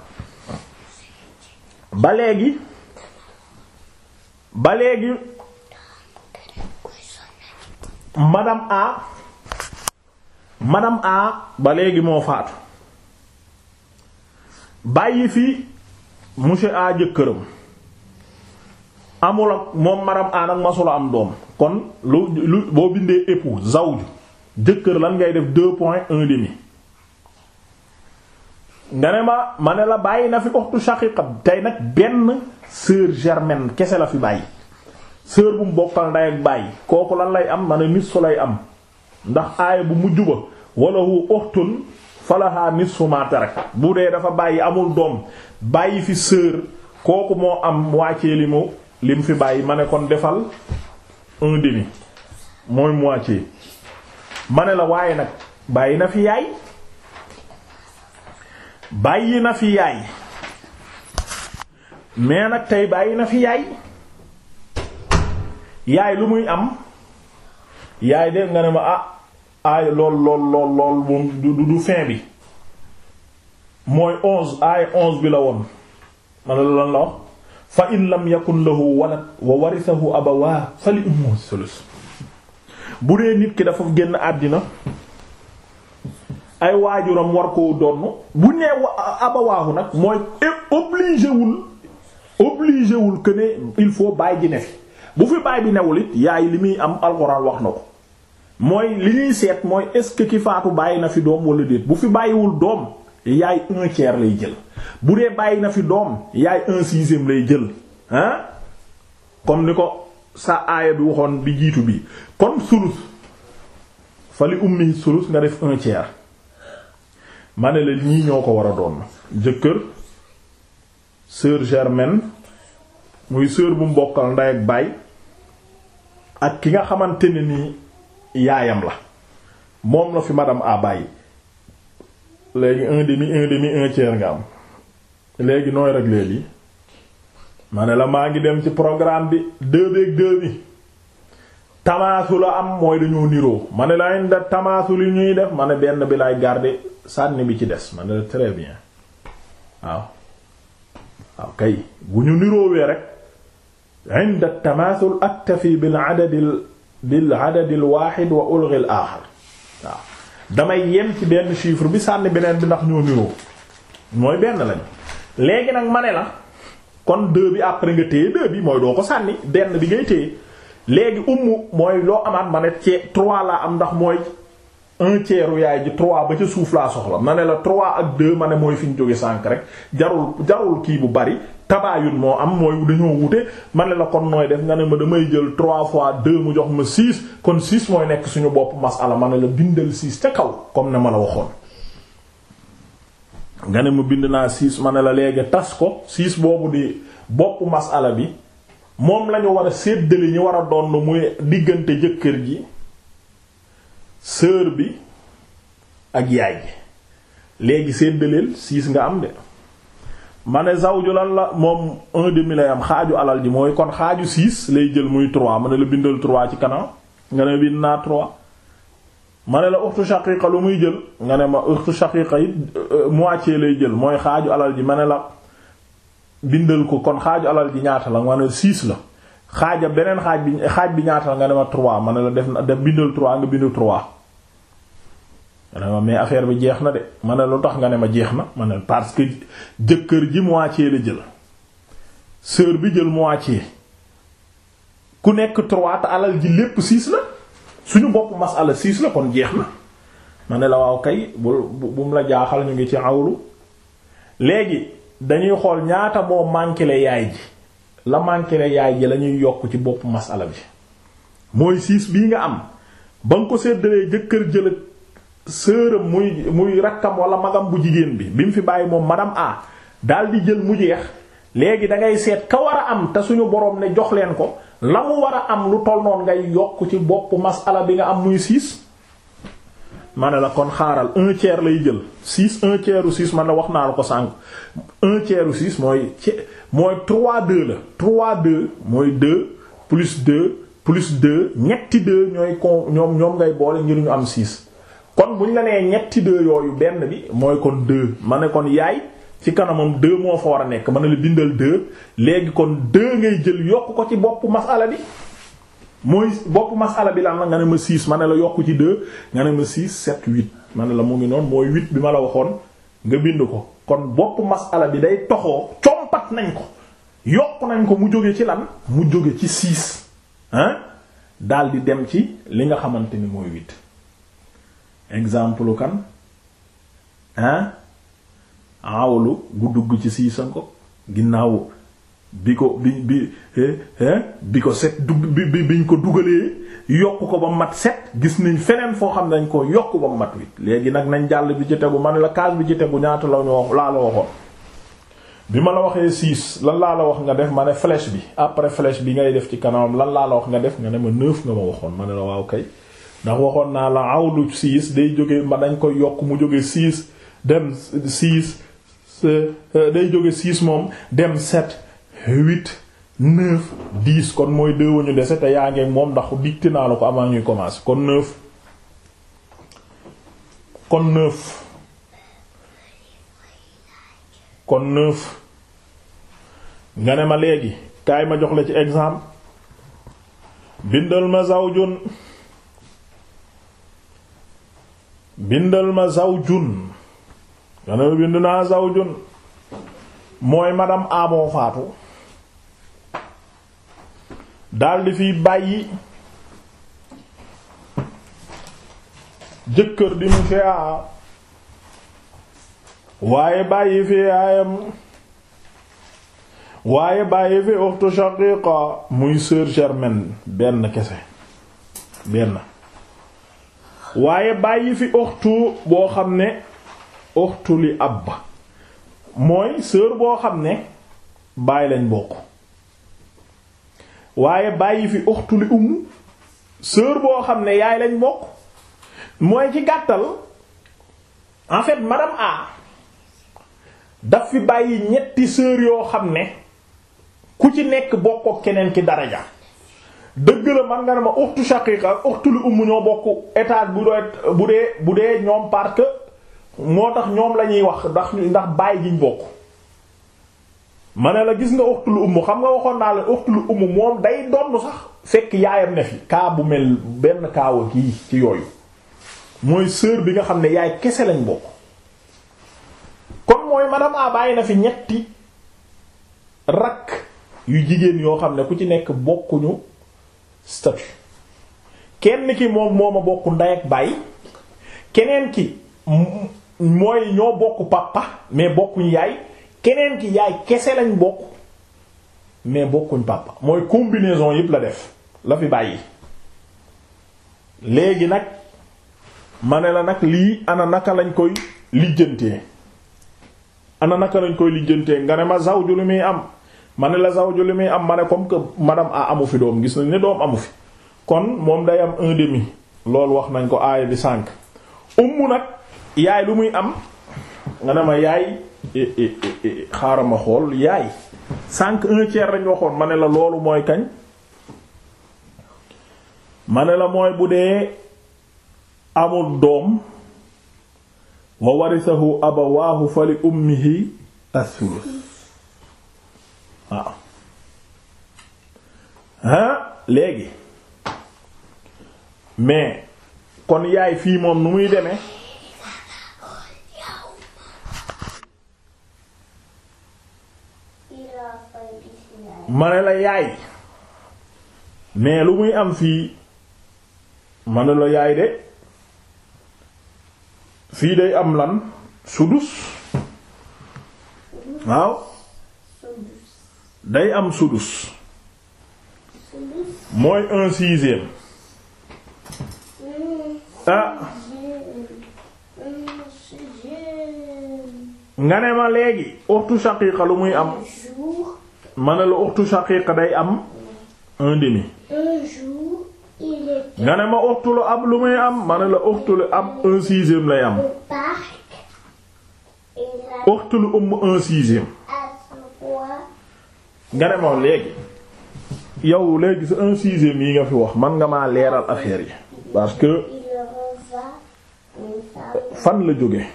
ba léegi ba léegi. madame A madame A ba léegi moo faatu bàyyi fi monsieur A jëkkëram amul ak moom madame A nag masula am doom kon lu lu boo bindee époux zawju jëkkër lan ngay def deux point un demi nga ne ma ma ne la bàyyi na fi oxtu shaqiqa tey nag benn sœur germaine kese la fi bàyyi sœur bu mu bokkal nday ak bàyyi kooku lan lay am ma ne nisfu lay am ndax aaya bu mujj ba wala hu uxtun falaha nisfu ma tarak bu dee dafa bàyyi amul doom bàyyi fi sœur kooku moo am moitié li mu li mu fi bàyyi ma ne kon defal un demi mooy moitié ma ne la waaye nag bàyyi na fi yaay bàyyi na fi yaay mais nag tey bàyyi na fi yaay yaay lu muy am yaay de nga ne ma ah aay lool lool lool lool du fin bi mooy onze aay onze bi la woon fa in lam yakun lahu walad wa warisahu abawaa fa li ummu sulus bu dee nit ki dafa génn àddina ay waajuram war koo donn bu nee abawaahu nag mooy eh, obligé wul obligé il faut bàyyi ji fi bu fi baay bi newul it yaay li muy am alxuraan wax na ko mooy li ñuy seet mooy est-ce que ki faatu bàyyi na fi doom wala déet bu fi bàyyiwul doom yaay un lay jël bu dee bàyyi na fi doom yaay un sixième lay jël ah comme ni ko sa aaya bi waxoon bi jiitu bi kon sulus fa li ummi sulus nga def un tiers ne la ñii ñoo ko war a doon jëkkër sœur germaine muy sœur bu mbokkal ndey ak baay ak ki nga xamante ne nii yaayam la moom la fi madame a bàyyi léegi un demi un nga am léegi nooy régler lii ma ne la maa ngi dem ci programme bi deux beeg bi tamaasu la am mooy dañoo niroo ma ne la inda tamaasu li ñuy def ma ne benn bi lay garder sànni bi ci des ma ne la très bien waaw waaw kay bu ñu niroowee rek inda tamaasul aktafi bil adadil bil adadil waaxid wa ulgi al aaxar waaw damay yem ci benn chiffre bi sànni beneen bi ndax ñoo niroo mooy benn lañu léegi nag ma ne la kon deux bi après nga téye deux bi mooy doo ko sànni benn bi ngay téye léegi ummu mooy loo amaat ma ne cee trois laa am ndax mooy un tiers yaay ji trois ba ca suuf laa soxla ma ne la trois ak deux ma ne mooy fi ñu jóge sànk rek jarul jarul kii bu bari tabaayun moo am mooy dañoo wute ma ne la kon mooy def nga ne ma damay jël trois fois deux mu jox ma six kon six mooy nekk suñu bopp masala ma ne la bindal six ca kaw comme ne ma la waxoon nga ne ma bind naa six ma ne la léegi tas ko six boobu di boppu masala bi moom lañu war a séddale ñi war a doon muy diggante jëkkër ji sœur bi ak yaay ji léegi séddaleel six nga am de ma ne zawju lan la moom un demi am xaaju alal ji mooy kon xaaju six lay jël muy trois ma ne la bindal trois ci kanam nga ne bind naa trois ma ne la uxtu shaqiqa lu muy jël nga ne ma uxtu shaqiqa it euh, moitié lay jël mooy xaaju alal ji ma ne la bindal ko kon xaaju alal ji ñaata la ma ne six la xaaja beneen xaaj bi xaaj bi ñaata la nga ne ma trois ma ne la def na def bindal trois nga bindu trois ne mais affaire bi jeex na de ma ne lu tax nga ne ma jeex na ma ne parce que jëkkër ji moitié la jël sœur bi jël moitié ku nekk trois alal ji lépp six la suñu bopp masala six la kon jeex na ma ne la waaw kay bu bu mu la jaaxal ñu ngi ci awlu léegi dañuy xool ñaata moo mànkile yaay ji la mànkile yaay ji lañuy yokk ci bopp masala bi mooy six bii nga am ba nga ko séddalee jëkkër jël sëram muy muy rakkam wala magam bu jigéen bi bi mu fi bàyyi moom madame A daal di jël mu jeex léegi da ngay seet ka war a am te suñu borom ne jox leen ko la mu war a am lu toll noonu ngay yokk ci bopp ala bi nga am muy 6. ma ne la kon xaaral un tiers lay jël 6 un tiers u man la wax naa la ko sànq un tiers u mooy ci mooy 3 2 la 3 2 mooy de plus de plus de ñetti 2 ñooy ko ñoom ñoom ngay boole ngir ñu am 6. kon buñ la nee ñetti deux yooyu benn bi mooy kon deux ma ne kon yaay ci kanamam deux moo fa war a nekk ma ne la bindal deux léegi kon deux ngay jël yokk ko ci boppu masala bi mooy boppu masala bi lan la nga ne ma six ma ne la yokk ci deux nga ne ma six sept huit ma ne la mu ngi noonu mooy huit bi ma la waxoon nga bind ko kon boppu masala bi day toxoo compat nañ ko yokk nañ ko mu jóge ci lan mu jóge ci six hein daal di dem ci li nga xamante ni mooy huit exemple kan ah awlu gu dugg ci ko ginnaaw bi ko bi bi bi ko set dugg bi bi bi biñ ko dugalee yokk ko ba mat set gis nañ feneen foo xam ne dañ ko yokk ba mat wi léegi nag nañ jàll bi ci tegu man la kaas bi ci tegu ñaata la ñu laa la waxoon bi ma la waxee six lan laa la wax nga def ma ne flèche bi après flèche bi ngay def ci kanamam lan laa la wax nga def nga ne ma neuf nga ma waxoon ma ne la waaw kay ndax waxoon naa la awlu 6 day jóge ma dañ koy yokk mu jóge 6 dem 6 euh, euh, day jóge 6 moom dem 7 8 9 10 kon mooy deux wañu dese te yaa ngeeg moom ndax dicté naa la ko avant ñuy commencer kon 9 kon 9 kon 9 nga ne ma léegi kaay ma jox la ci exemple bindal ma zawjun bindal ma zawjun nga ne bind naa zawjun mooy madame amoo faatu daldi fiy bàyyi jëkkër di monsieur A waaye bàyyi fi yaayam waaye bàyyi fi uxtu shaqiqa muy sœur germaine benn kese benn waaye bàyyi fi oxtu boo xam ne uxtu li ab mooy sœur boo xam ne bàyyi lañ bokk waaye bàyyi fi uxtu li umm sœur boo xam ne yaay lañ bokk mooy ci gàttal en fait madame A daf fi bàyyi ñetti sœur yoo xam ne ku ci nekk bokk ak keneen ki daraja dëgg la man nga ne ma uxtu shaqiqa uxtu li umm ñoo bokk état bu bu dee bu dee ñoom parce moo tax ñoom la ñuy wax ndax ndax bàyyi jiñ bokk ma ne la gis nga uxtu lu umm xam nga waxoon naa la uxtu lu umm moom day donn sax fekk yaayam ne fi kaabu bu mel benn kaawa kii ci yooyu mooy sœur bi nga xam ne yaay kese lañ bokk kon mooy madame a bàyyi na fi ñetti rakk yu jigéen yoo xam ne ku ci nekk bokkuñu statut kenn ki moom moo ma bokk ndey ak baay keneen ki mooy ñoo bokk papa mais bokkuñ yaay keneen ki yaay kese lañ bokk mais bokkuñ papa mooy combinaison yépp la def la fi bàyyi léegi nag ma ne la nag lii ana naka lañ koy lijjantee ana naka lañ koy lijjantee nga ne ma zawju lu muy am mane la saw li muy am ma ne comme que a amu fi doom gis nañ ne doom amu fi kon moom day am un demi loolu wax nañ ko aaya bi sànq umm nag yaay lu muy am nga ne ma yaay eh, eh, eh, xaaral ma xool yaay sànq un tiers waxoon ma ne la loolu mooy kañ mane la mooy bu dee amul doom wa warisahu abawaahu fa li ummihi athuluth waaw ah léegi mais kon yaay fii moom nu muy deme mane la yaay mais lu muy am fii ma ne la yaay de fii day am lan sudus waaw day am sudus mooy un sixième ah nga ne ma léegi uxtu shaqiiqa lu muy am ma ne la uxtu shaqiiqa day am un demi nga ne ma uxtu lu ab lu muy am ma la uxtu lu ab un sixième lay am uxtu lu um un sixième nga ne moom léegi yow léegi sa un sixième yi nga fi wax man nga maa leeral affaire yi parce que fan la jóge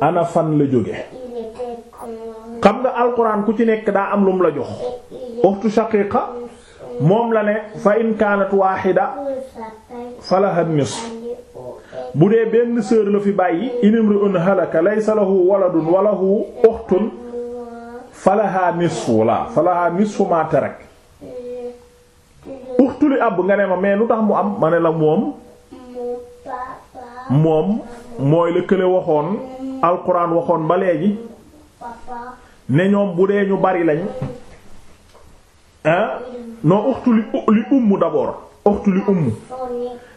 ana fan la jóge xam nga alxuraan ku ci nekk daa am lum la jox uxtu shaqiqa moom la ne fa in kaanat waaxida falaha nisf bu dee benn sœur la fi bàyyi inimru'un halaka laysa lahu waladun wa lahu ukhtun falaha nisfu la falaha nisfu ma tarak ukhtu li nga ne ma mais lu tax mu am ma ne la moom moom mooy la kële waxoon alquran waxoon ba léegi ne ñoom bu dee ñu bari lañ ah non ukhtu li li umm d'abord ukhtu li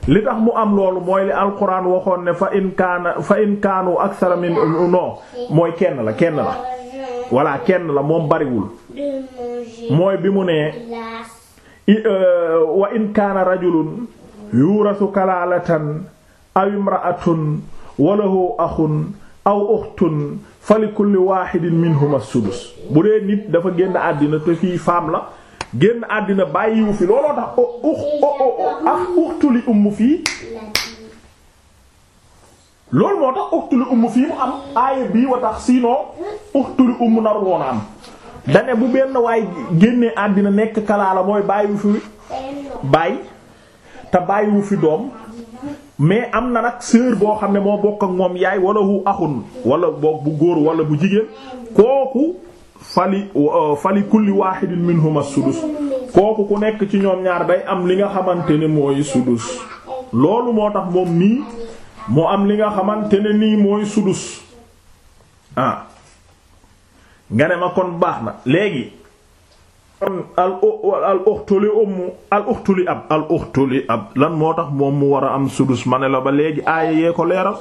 li tax mu am loolu mooy li alquran waxoon ne fa in fa in kaanu akthara min non mooy kenn la kenn la voilà kenn la moom bariwul mooy bi mu nee wa in kaana rajulun yurasu kalaalatan aw imra'atun wa lahu axun aw uxtun fa kulli waaxidin minhuma sudus bu dee nit dafa génn àddina te fii femme la génn àddina bàyyiwu fi looloo tax o ux o ah uxtuli umm fii loolu moo tax uxtuli umm fii mu am aaya bii wa tax sinon uxtuli umm nar woon am dane bu benn waaye génnee àddina nekk kalaala mooy bàyyiwu fi bàyyi te bàyyiwu fi doom mais am na nag sœur boo xam ne moo bokk ak moom yaay wala hu axun wala boog bu góor wala bu jigéen kooku fali uh, fali kulli wahidin minhum as-sudus kooku ku nekk ci ñoom ñaar bay am li nga xamante ne mooy sudus loolu moo tax moom nii moo am li nga xamante ne nii mooy sudus ah nga ma kon baax na léegi al uxtu li umm al uxtu ab al uxtu ab lan moo tax moom mu war a am sudus ma ne la ba léegi aaya yee ko leeral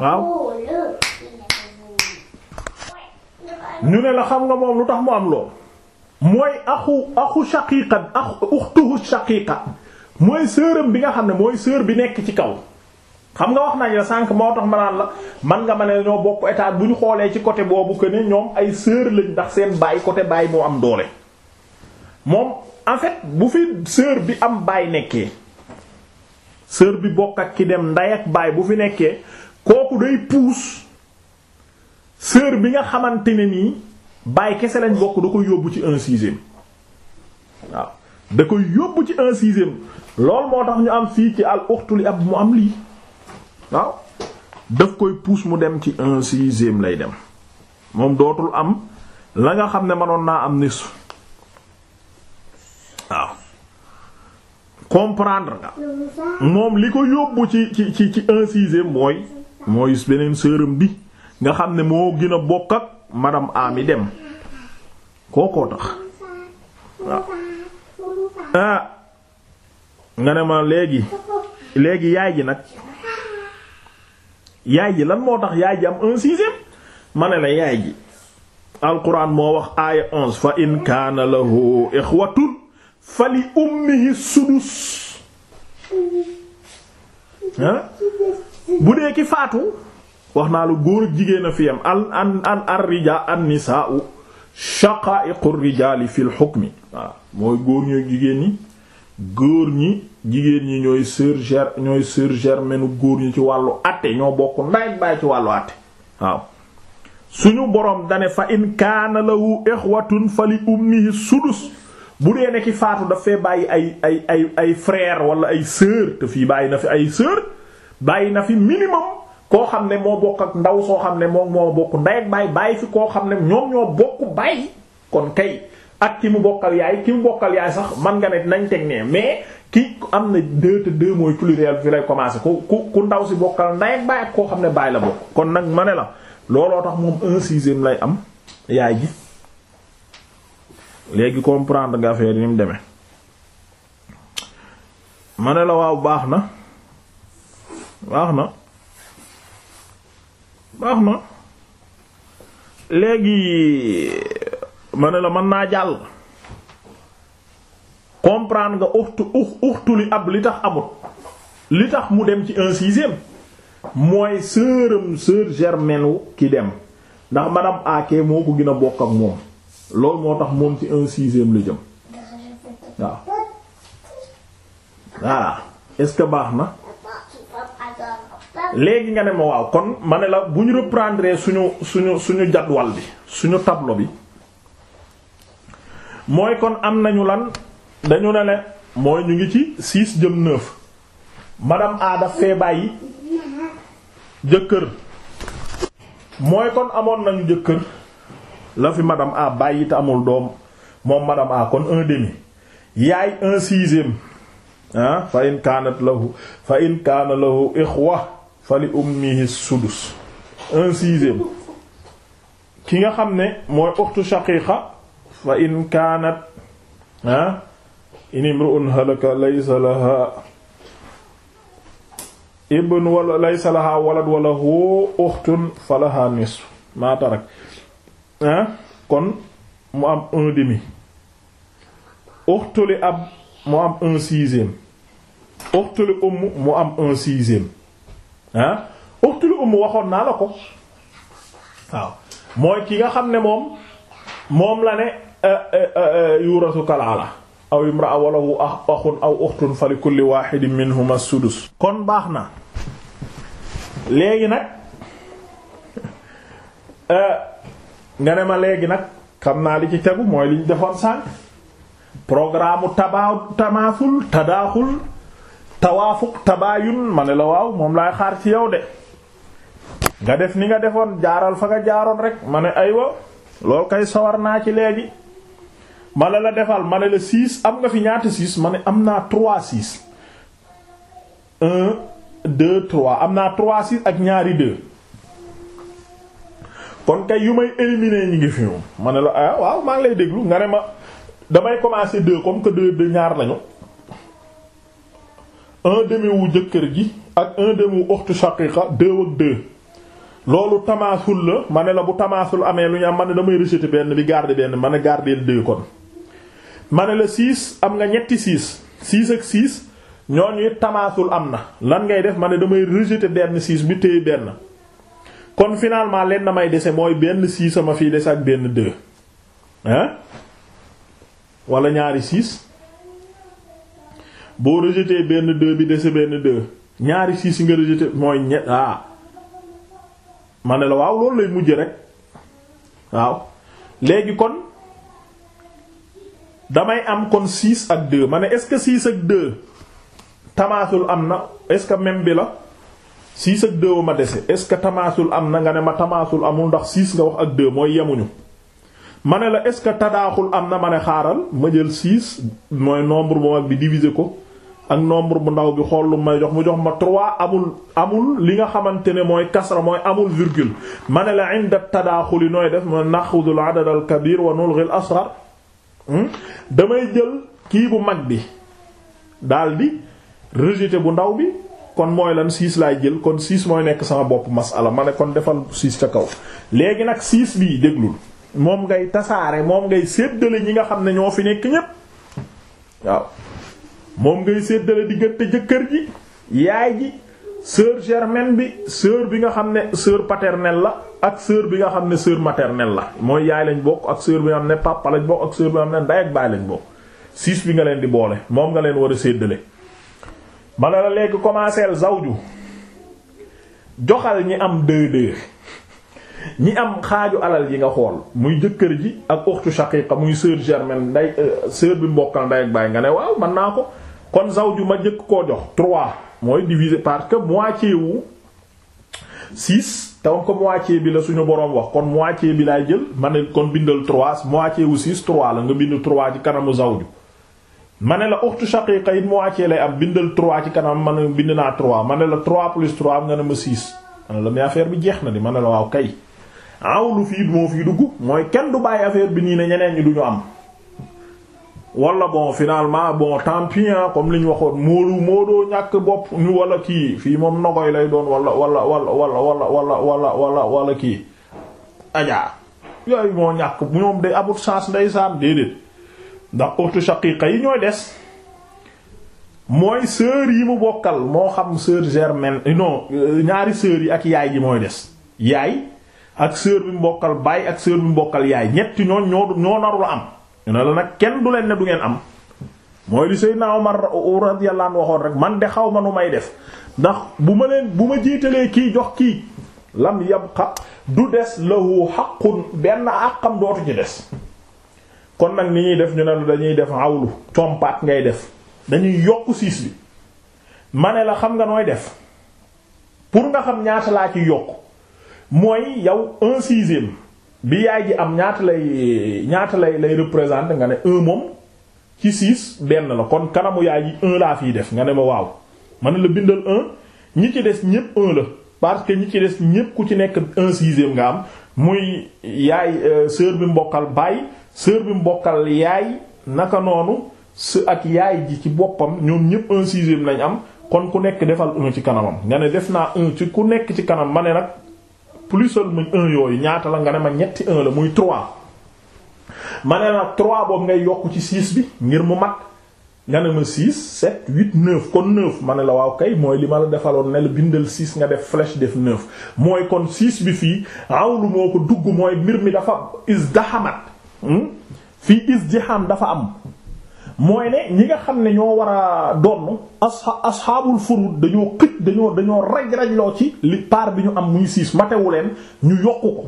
waaw ñu ne la xam nga moom lu tax mu am lool mooy axu axu shaqiqa axu uxtuhu shaqiqa mooy sœuram bi nga xam ne mooy sœur bi nekk ci kaw xam nga wax nañ la sànq moo tax ma naan la man nga ma ne ñoo bokk état bu ñu xoolee ci côté boobu que ne ñoom ay sœur lañ ndax seen baay côté baay moo am doole moom en fait bu fi sœur bi am baay nekkee sœur bi bokk ak ki dem nday ak baay bu fi nekkee kooku day puus sœur bi nga xamante ne nii bàyyi kese lañ bokk da koy yóbbu ci un sixième waaw da koy yóbbu ci un sixième loolu moo tax ñu am fii ci al uxtu li ab mu am lii waaw daf koy pousse mu dem ci un sixième lay dem moom dootul am la nga xam ne mënoon naa am nisf waaw comprendre nga moom li ko yóbbu ci ci ci ci un sixième mooy mooy beneen sœuram bi nga xam ne moo gën bokk ak madame Ami dem kookoo tax ah. Ah. nga ne ma léegi léegi yaay ji nag yaay ji lan moo tax yaay ji am un sixième ma ne la yaay ji alquran moo wax aaya onze fa in kaana lahu ixwatun fa li ummihi sudus ah? bu dee ki faatu wax naa la góor jigéen a fi yam an an an ar-rijaa an-nisaa'u shaqaa'iqu rijaali fil hukmi waaw mooy góor ñooy jigéen ñi góor ñi jigéen ñi ñooy sœur ger ñooy sœur germaine góor ñi ci wàllu àtte ñoo bokk ndaay baay ci wàllu àtte waaw suñu boroom dane fa in kaana lahu ixwatun fa li ummihi sudus bu dee ne faatu daf fee bàyyi ay ay ay ay frère wala ay sœur te fii bàyyi na fi ay sœur bàyyi na fi minimum koo xam ne moo bokk ak ndaw soo xam ne moom moo bokk nday ak baay bàyyi fi koo xam ne ñoom ñoo bokk bàyyi kon kay ak ki mu bokkal yaay ki mu bokkal yaay sax man nga ne nañ teg nee mais ki am na deux te deux mooy pluriel lay commencer ku ku ku ndaw si bokkal ndey ak koo xam ne baay la bokk kon nag ma ne la looloo tax moom un sixième lay am yaay ji léegi comprendre nga ni mu demee ma ne la waaw baax na baax na baax na léegi ma ne la mën naa jàll comprendre nga uxtu uxtu li ab li tax amut li tax mu dem ci un sixième mooy sëram sœur germaine wu ki dem ndax madame Aké moo ko gën a bokk ak moom loolu moo tax moom ci un sixième la jëm waaw voilà est-ce baax na léegi nga ne ma waaw kon ma ne la bu ñu reprendre suñu suñu suñu jadwal bi suñu tableau bi mooy kon am nañu lan dañu ne le mooy ñu ngi ci six jëm neuf madame aada fee bàyyi jëkkër mooy kon amoon nañu jëkkër la fi madame a bàyyi te amul doom moom madame a kon un demi yaay un sixième ah fa in kaanat fa in kaana lahu ixwa fali ummihi sudus un sixième ki nga xam ne mooy uxtu shaqiqa fa in kaanat ah in imru'un halaka laysa laha ibn wala laysa laha walad wala hu ukhtun falaha nisf ma tarak ah, kon mu am un demi uxtu ab mu am un sixième uxtu umm mu am un sixième ah uxtul umm waxoon naa la ko waaw mooy ki nga xam ne moom moom la ne eh, eh, eh, yurasu kalaala aw imraa wala wu axun aw uxtun fa li kulli wahidin minhuma sudus kon baax na léegi nag nga ne ma léegi nag xam naa li ci tegu mooy liñ defoon sànq programme tabaa tamaasul tadaaxul tawaafuq tabaayun ma ne la waaw moom laay xaar ci yow de nga def ni nga defoon jaaral fa nga jaaroon rek ma ne aywa lool kay sawar naa ci léegi ma ne la defal ma ne la 6 am nga fi ñaata 6 ma ne am naa 3 6 1 am naa 3 6 ak ñaari 2 kon kay yu may éliminer ñi ngi fi moom ma ne la ah waaw maa ngi lay déglu nga ne ma damay commencer de comme que 2 2 ñaar lañu. un demi wu jëkkër ji ak un demi wu uxtu shaqiqa deux ak deux loolu tamaasul la ma ne la bu tamaasul amee lu ñu am ma ne damay rejeter benn bi garder benn ma ne garder deux kon ma ne la six am nga ñetti six six ak six ñooñu tamaasul am na lan ngay def ma ne damay rejeter benn six bi téye benn kon finalement leen na may dese mooy benn six sama fiy dese ak benn deux hein wala ñaari six boo rejeté benn deux bi dese benn deux ñaari six nga rejeté mooy ñett ah ma ne la waaw loolu lay mujj rek waaw léegi kon damay am kon six ak deux ma ne est-ce que six ak deux tamaasul am na est-ce que même bi la six ak deux ba ma dese est-ce que tamaasul am na nga ne ma tamaasul amul ndax six nga wax ak deux mooy yemuñu ma ne la est-ce que tadaaxul am na ma ne xaaral ma jël six mooy nombre bu mag bi diviser ko ak nombre bu ndaw bi xool lu may jox mu jox ma trois amul amul li nga xamante ne mooy kasra mooy amul virgule ma ne la inda tadaaxuli nooy def ma naxudu al adad al kabir damay jël kii bu mag bi daldi rejeté bu ndaw bi kon mooy lan 6 laay jël kon 6 mooy nekk sama bopp masala ma ne kon defal 6 ca léegi nag 6 bii déglul moom ngay tasaare moom ngay séddale ñi nga xam ne ñoo fi nekk ñépp waaw moom ngay séddale diggante jëkkër ji yaay ji sœur germaine bi sœur bi nga xam ne sœur paternelle la ak sœur bi nga xam ne sœur maternelle la mooy yaay lañ bokk ak sœur bi nga xam ne papa lañ bokk ak sœur bi nga xam ne ndey ak baay lañ bokk six bi nga leen di boole moom nga leen war a séddale ma ne la léegi commenceel zawju joxal ñi am deux deux ñi am xaaju alal yi nga xool muy jëkkër ji ak uxtu shaqiqa muy sœur germaine nday euh, sœur bi mbokkal nday ak baay nga ne waaw mën naa ko kon zawju ma jëkk koo jox trois mooy diviser parce que moitié wu six te ko moitié bi la suñu boroom wax kon ci bi laay jël ma ne kon bindal trois moitié wu six trois la nga bind trois ci kanamu zawju ma ne la uxtu shaqiqa it moitié lay am bindal trois ci kanam ma ne bind naa trois ma ne la trois plus trois nga ne ma six ma ne la mais affaire bi jeex na di ma ne la waaw kay awlu fii moo fii dugg mooy kenn du bàyyi affaire bi nii ne ñeneen ñi duñu am wala bon finalement bon tant pis comme li ñu waxoon Moodu Moodu ñàkk bopp ñu wala kii fii moom nogoy lay doon wala wala wala wala wala wala wala wala kii. Ajaa yooyu moo ñàkk ñoom day amut chance ndeysaan déedéet ndax uxtu shaqiqa yi ñooy des mooy sœur yi mu bokkal moo xam sœur germaine euh, non euh, ñaari sœur yi ak yaay ji mooy des yaay ak sœur bi mu bokkal baay ak sœur bi mu bokkal yaay ñetti ñooñ ñoo ñoo narul am. ñu ne la nag kenn du leen ne du ngeen am mooy li Seydina Omar radiyallahu anhu waxoon rek man de xaw ma nu may def ndax bu ma leen bu ma jiitalee kii jox kii lam yabqa du des lahu xaqun benn àqam dootu ci des kon nag ni ñuy def ñu ne la dañuy def awlu compaat ngay def dañuy yokk siis bi ma ne la xam nga nooy def pour nga xam ñaata laa ci yokk mooy yow un sixième bi yaay ji am ñaata lay ñaata lay lay représenter nga ne un moom ci six benn la kon kanamu yaay ji un laa fiy def nga ne ma waaw ma ne la bindal un ñi ci des ñépp un la parce que ñi ci des ñépp ku ci nekk un sixième nga am muy yaay euh, sœur bi mbokkal baay sœur bi mbokkal yaay naka noonu su ak yaay ji ci boppam ñoom ñépp un sixième lañ am kon ku nekk defal un ci kanamam nga ne def naa un ci ku nekk ci kanam ma ne nag plus seulement un yooyu ñaata la nga ne ma ñetti un la muy trois ma ne la trois boobu ngay yokk ci six bi ngir mu mag nga ne ma six sept huit neuf kon neuf ma ne la waaw kay mooy li ma la defaloon ne la bindal six nga def flèche def neuf mooy kon six bi fii awlu moo ko dugg mooy mbir mi dafa isdahamat hmm? fii isdiham dafa am mooy ne ñi nga xam ne ñoo war a donn asxa asxaabul furud dañoo xëj dañoo dañoo raj-rajloo ci li part bi ñu am muy six matewu leen ñu yokku ko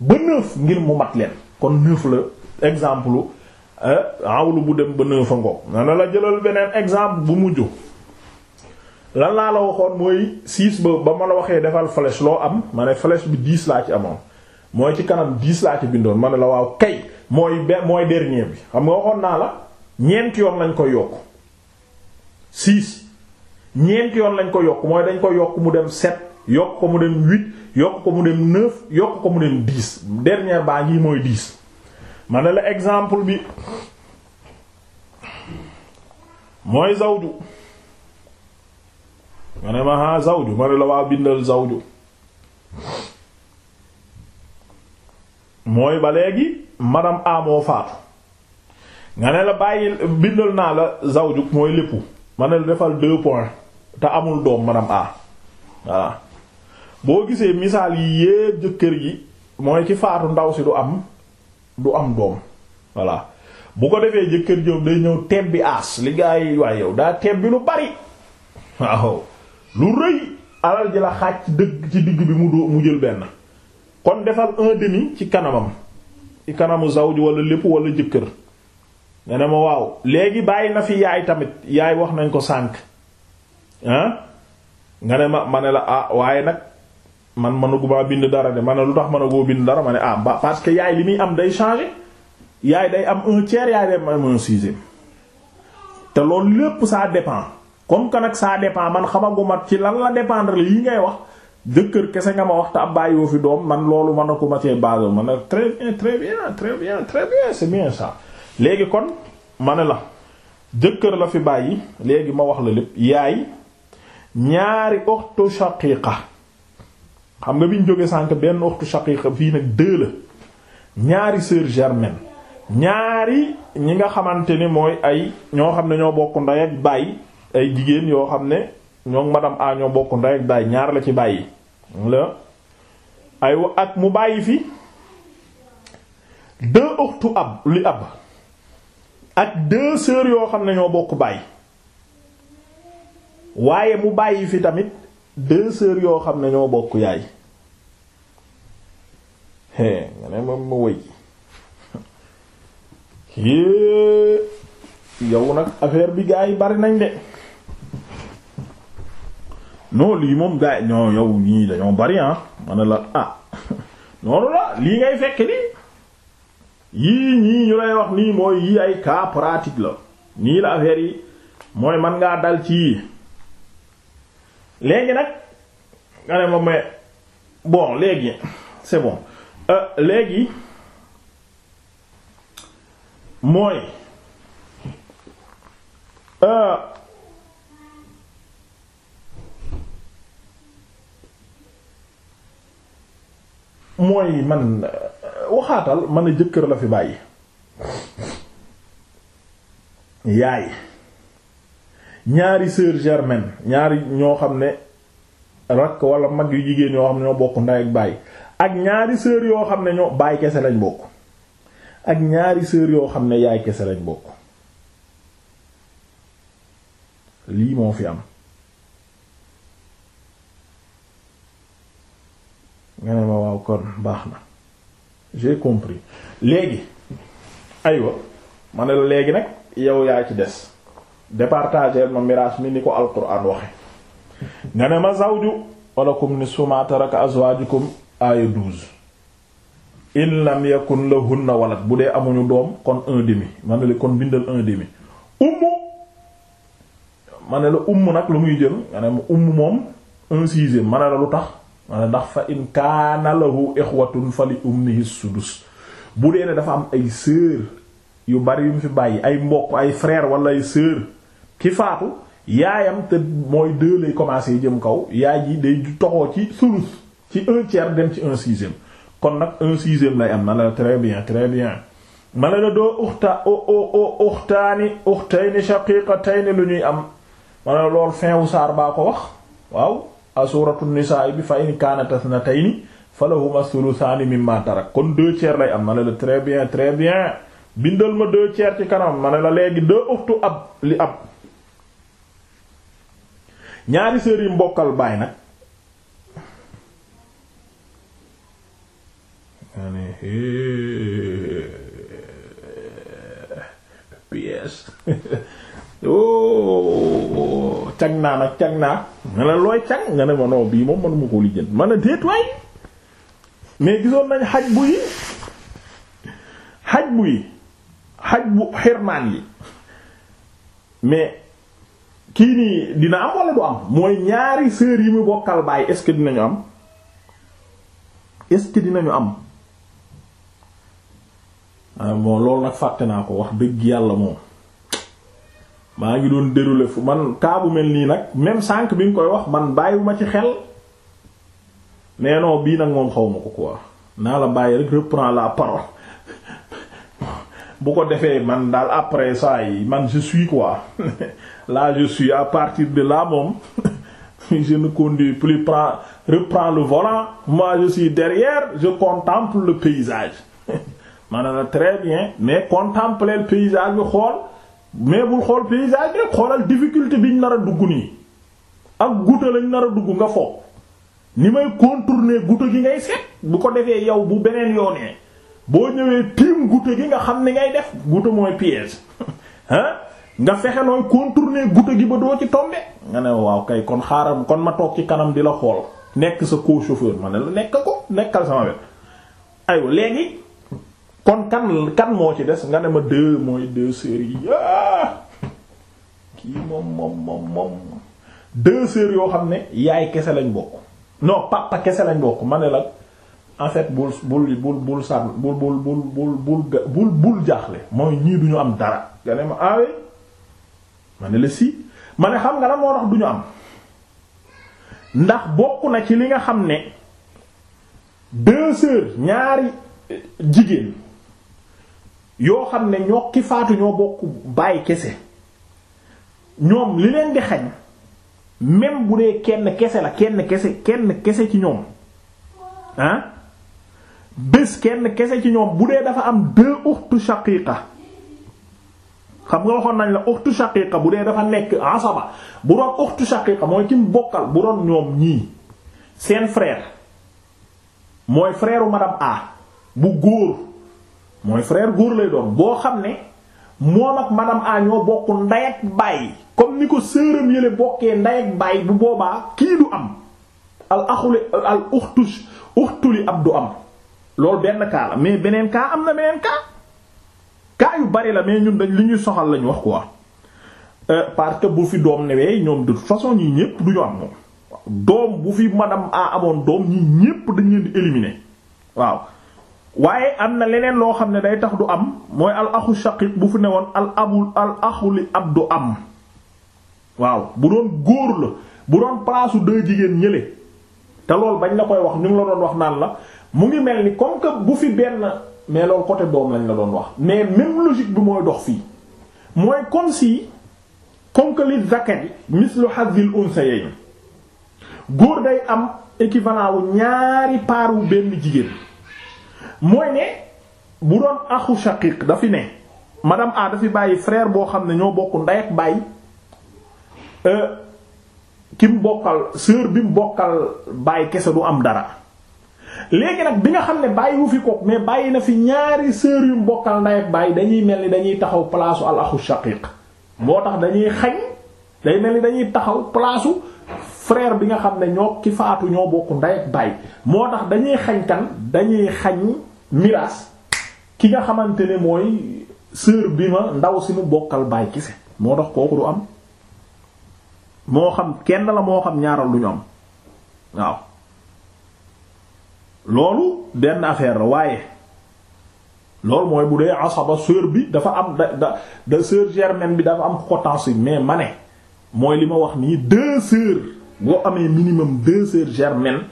ba neuf ngir mu mat leen kon neuf la exemple euh, awlu bu dem ba neuf a ngo na la jëlal beneen exemple bu mujj lan naa la waxoon mooy six ba ba ma la waxee defal flèche loo am ma ne flèche bi dix laa ci amoon mooy ci kanam dix laa ci bindoon ma ne la waaw kay mooy be mooy dernier bi xam nga waxoon naa la ñeent yoon lañ ko yokk six ñeent yoon lañ ko yokk mooy dañ ko yokk mu dem set yokk ko mu dem huit yokk ko mu dem neuf yokk ko mu dem dix dernière baa ngi mooy dix mane la exemple bi mooy zawju ma ne ma haa la waa bindal zawju mooy ba léegi madame A moo faatu nga ne la bàyyi bindal naa la zawjuk mooy lépp ma ne la defal deux te amul doom madame A voilà boo gisee misaal yi yépp jëkkër ji mooy ki faatu ndaw si du am du am doom voilà bu ko defee jëkkër joom day ñëw tebbi aas li gaa yi waaye yow daa tebbi lu bari waaw lu rëy alal ji la xaaj dëgg ci digg bi mu doo mu jël benn kon defal un ci kanamam ci kanamu zawju wala lépp wala jëkkër nga ne ma waaw léegi bàyyi na fi yaay tamit yaay wax nañ ko sànq ah nga ne ma ma ne la ah waaye nag man managuma bind dara de ma ne lu tax managoo bind dara ma ne ah ba parce que yaay li muy am day changer yaay day am un tiers yaay day am un sixième te loolu lépp ça dépend comme que nag ça dépend man xamaguma ci lan la dépendre lii ngay wax jëkkër kese nga ma wax te ab bàyyiwoo fi doom man loolu mën na ko ma cee base man très bien très bien très bien très léegi kon ma ne la jëkkër la fi bàyyi léegi ma wax la lépp yaay ñaari oxtu shaqiqa xam nga bi ñu jógee sànk benn oxtu shaqiqa fii nag deux la ñaari sœur germaine ñaari ñi nga xamante ni mooy ay ñoo xam ne ñoo bokk ndey ak baay ay jigéen yoo xam ne ñoom madame a ñoo bokk ndey ak baay ñaar la ci bàyyi la ay wa ak mu bàyyi fi deux oxtu ab li ab ak deux yoo xam ne ñoo bokk bàyyi waaye mu bàyyi fi tamit deux yoo xam ne ñoo bokk yaay nga ne moom ma wëy yow nag affaire bi gaa yi bari nañ de non lii moom gaa ñoo yow ñii dañoo bari ah ma ne la ah noonu la lii ngay fekk nii yii ñii ñu lay wax nii mooy yii ay cas pratique la nii la affaire yi mooy man ngaa dal ci yii léegi nag nga ne ma mais bon léegi c'est bon euh, léegi mooy euh, mooy man waxaatal ma ne jëkkër la fi bàyyi yaay ñaari sœur germaine ñaari ñoo xam ne rakk wala mag yu jigéen yoo xam ne ñoo bokk ndey ak baay ak ñaari sœur yoo xam ne ñoo baay kese lañ bokk ak ñaari sœur yoo xam ne yaay kese lañ bokk lii moo fi am nga ma waaw kon baax na j'ai compris léegi aywa ma ne la léegi nag yow yaa ci des départageel ma miraas mi ni ko alquran waxe nga ne ma zawju walakum nisfu ma taraka azwajukum aya 12 in lam yakun lahunna walad bu dee amuñu doom kon un demi ma ne la kon bindal un demi ummu ma ne la umm nag lu muy jël nga ne ma umm moom un sixième ma ne la lu tax ndax fa in kaana lahu ixwatun fa li ummihi sudus bu dee ne dafa am ay sœur yu bari yu mu fi bàyyi ay mbokk ay frère wala ay sœur ki faatu yaayam te mooy deux lay commencé jëm kaw yaay ji day toxoo ci sulus ci un tiers dem ci un sixième kon nag un sixième lay am na la très bien très bien ma ne la doo uxta uxtaani uxtayni shaqiqatayni lu ñuy am ma ne la lool fin wu saar baa ko wax waaw suuratu nisaa bi fa in kaanat isnatayni falahuma thuluthaani mimma tarak kon deux tiers lay am ma ne la très bien très bien bindal ma deux tiers ci kanam ma ne la léegi deux uxtu ab li ab ñaari sœurs yi mbokkal baay nag eh, pièce oh cag naa nag cag naa nga ne looy cag nga ne ma non bii moom manuma koo lijjën man a déet waay mais gisoon nañ xaj bu yi xaj bu xirmaan yi mais kii nii dina am wala du am mooy ñaari sœur yi mu bokkal baay est-ce dinañu am est-ce dinañu am ah, bon loolu nag fàtte naa ko wax dëgg yàlla moom maa ngi doon déroulé fu man kaabu mel nii nag même sànq bi nga koy wax man bàyyi ma ci xel mais non bii nag moom xaw ma ko quoi naa la bàyyi rek reprend la parole bu ko defee man daal après ça yi man je suis quoi là je suis à partir de là moom je ne conduis plus prend reprend le volant moi je suis derrière je contemple le paysage ma ne la très bien mais contempler le paysage bi xool mais bul xool paysage bi rek xoolal difficulté biñ nar a dugg nii ak guta lañ nar a dugg nga foog ni may contourner guta gi ngay seet bu ko defee yow bu beneen yoonee boo ñëwee tiim guta gi nga xam ni ngay def guta mooy piège ah nga fexe nooy contourner guta gi ba doo ci tombe nga ne waaw kay kon xaaral kon ma toog ci kanam di la xool nekk sa co-chauffeur ma ne la nekk ko nekkal sama wet aywa léegi kon kan kan moo ci des nga ne ma deux mooy deux sœurs yi kii moom moom moom moom deux yoo xam ne yaay kese lañ bokk non papa kese lañ bokk ma la en fait bul bul bul bul sànn bul bul jaaxle mooy ñii duñu am dara nga ne ma awe ah ma ne la si ma xam nga la moo tax duñu am ndax bokk na ci li nga xam ne deux sœurs ñaari jigéen yoo xam ne ñoo ki faatu ñoo bokk bàyyi kese ñoom li leen di xañ même bu dee kenn kese la kenn kese kenn kese ci ñoom ah bés kenn kese ci ñoom bu dee dafa am deux uxtu shaqiqa xam nga waxoon nañ la uxtu shaqiqa bu dee dafa nekk asaba bu doon uxtu shaqiqa mooy kim bokkal bu doon ñoom ñii seen frère mooy freeru u madame A bu góor mooy frère góor lay doon boo xam ne moom ak madame A ñoo bokk nday ak comme ni ko sëram yële bokkee nday ak bu boobaa kii du am al axuli al uxtu uxtuli ab du am loolu benn kaa la mais beneen kaa am na beneen kaa kaa yu bari la mais ñun dañ li ñuy soxal lañu wax quoi euh, parce que bu fi doom newee ñoom de façon ñii ñépp du ñu am moom doom bu fi madame A amoon doom ñii ñépp dañ leen di waaw waaye am na leneen loo xam ne day tax du am mooy al axu bu fu ne woon al abul al li ab du am waaw bu doon góor la bu doon palaasu deux jigéen ñële te loolu bañ la koy wax ñu ngi la doon wax naan la mu ngi mel ni comme bu fi benn mais loolu côté doom lañ la doon wax mais même logique bi mooy dox fii mooy comme si comme que li zakati mislu hazil unsayayn góor day am équivalent wu ñaari paar wu benn jigéen mooy ne bu doon axu shaqiq dafi ne madame A dafi bàyyi frère boo xam ne ñoo bokk ndey bàyyi euh, ki mu bokkal sœur bi mu bokkal bàyyi kese du am dara léegi nag bi nga xam ne bàyyi wu fi ko mais bàyyi na fi ñaari sœur yu mu bokkal ndey ak dañuy mel ni dañuy taxaw place al axu shaqiq moo tax dañuy xañ day mel ni dañuy taxaw place frère bi nga xam ne ñoo ki faatu ñoo bokk ndey ak moo tax dañuy xañ dañuy xañ miraas ki nga xamante ne mooy sœur bi ma ndaw si mu bokkal baay kese moo tax kooku du am moo xam kenn la moo xam ñaaral lu am waaw loolu benn affaire la waaye loolu mooy bu dee asaba sœur bi dafa am da da da germaine bi dafa am potence mais ma ne mooy li ma wax nii deux sœurs boo amee minimum deux sœurs germaines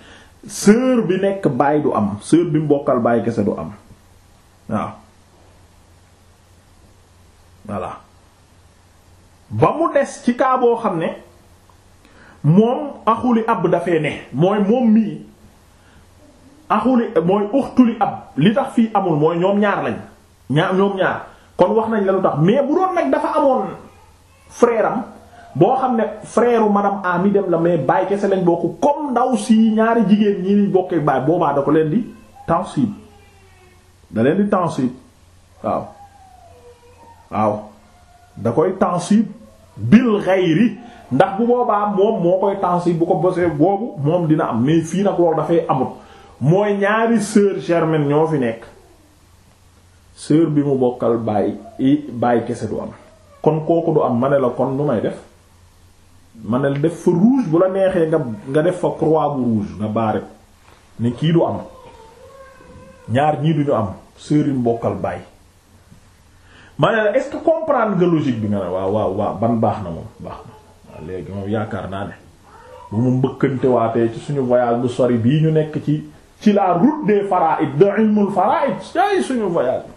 sœur bi nekk baay du am sœur bi mu bokkal baay kese du am waaw voilà ba mu des ci kaa boo xam ne moom axuli ab dafee ne mooy moom mii axuli mooy uxtuli ab li tax fii amul mooy ñoom ñaar lañ ñaar ñoom ñaar kon wax nañ la lu tax mais bu doon nag dafa amoon frère boo xam ne frère madame A mi dem la mais baay kese lañ bokk comme ndaw si ñaari jigéen ñi niñ bokkee baay boobaa da ko leen di tansib da leen di tansib waaw waaw da koy tansib bil xayri ndax bu boobaa moom moo koy tansib bu ko bosee boobu moom dina am mais fii nag loolu dafay amut mooy ñaari sœur germaine ñoo fi nekk sœur bi mu bokkal baay baay kese du am kon kooku du am ma ne la kon lu may def mën na def fa rouge bu la neexee nga nga def fa croix bu rouge nga baare ni kii du am ñaar ñii duñu am sëriñ bokkal baay ma ne la est-ce comprendre nga bi nga ne waaw waaw ban baax na moom baax na waaw léegi moom yaakaar naa ne bu mu mbëkkante waatee ci suñu voyage bu sori bii ñu nekk ci ci la route des faraid de ilmul faraid ay suñu voyage bi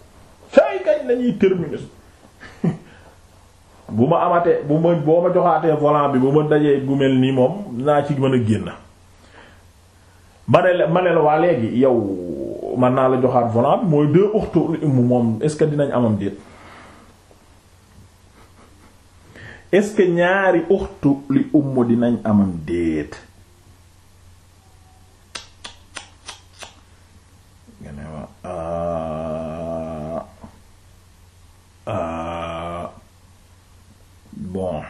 say lañuy terminer bu ma amatee bu ma boo ma joxaatee volant bi bu ma dajee bu mel nii moom naa ci mën a génn ma ne la ma la waa léegi yow man naa la joxaat volant bi mooy deux uxtu lu imm moom est-ce que dinañ amam déet est-ce que ñaari uxtu li umm dinañ amam déet bon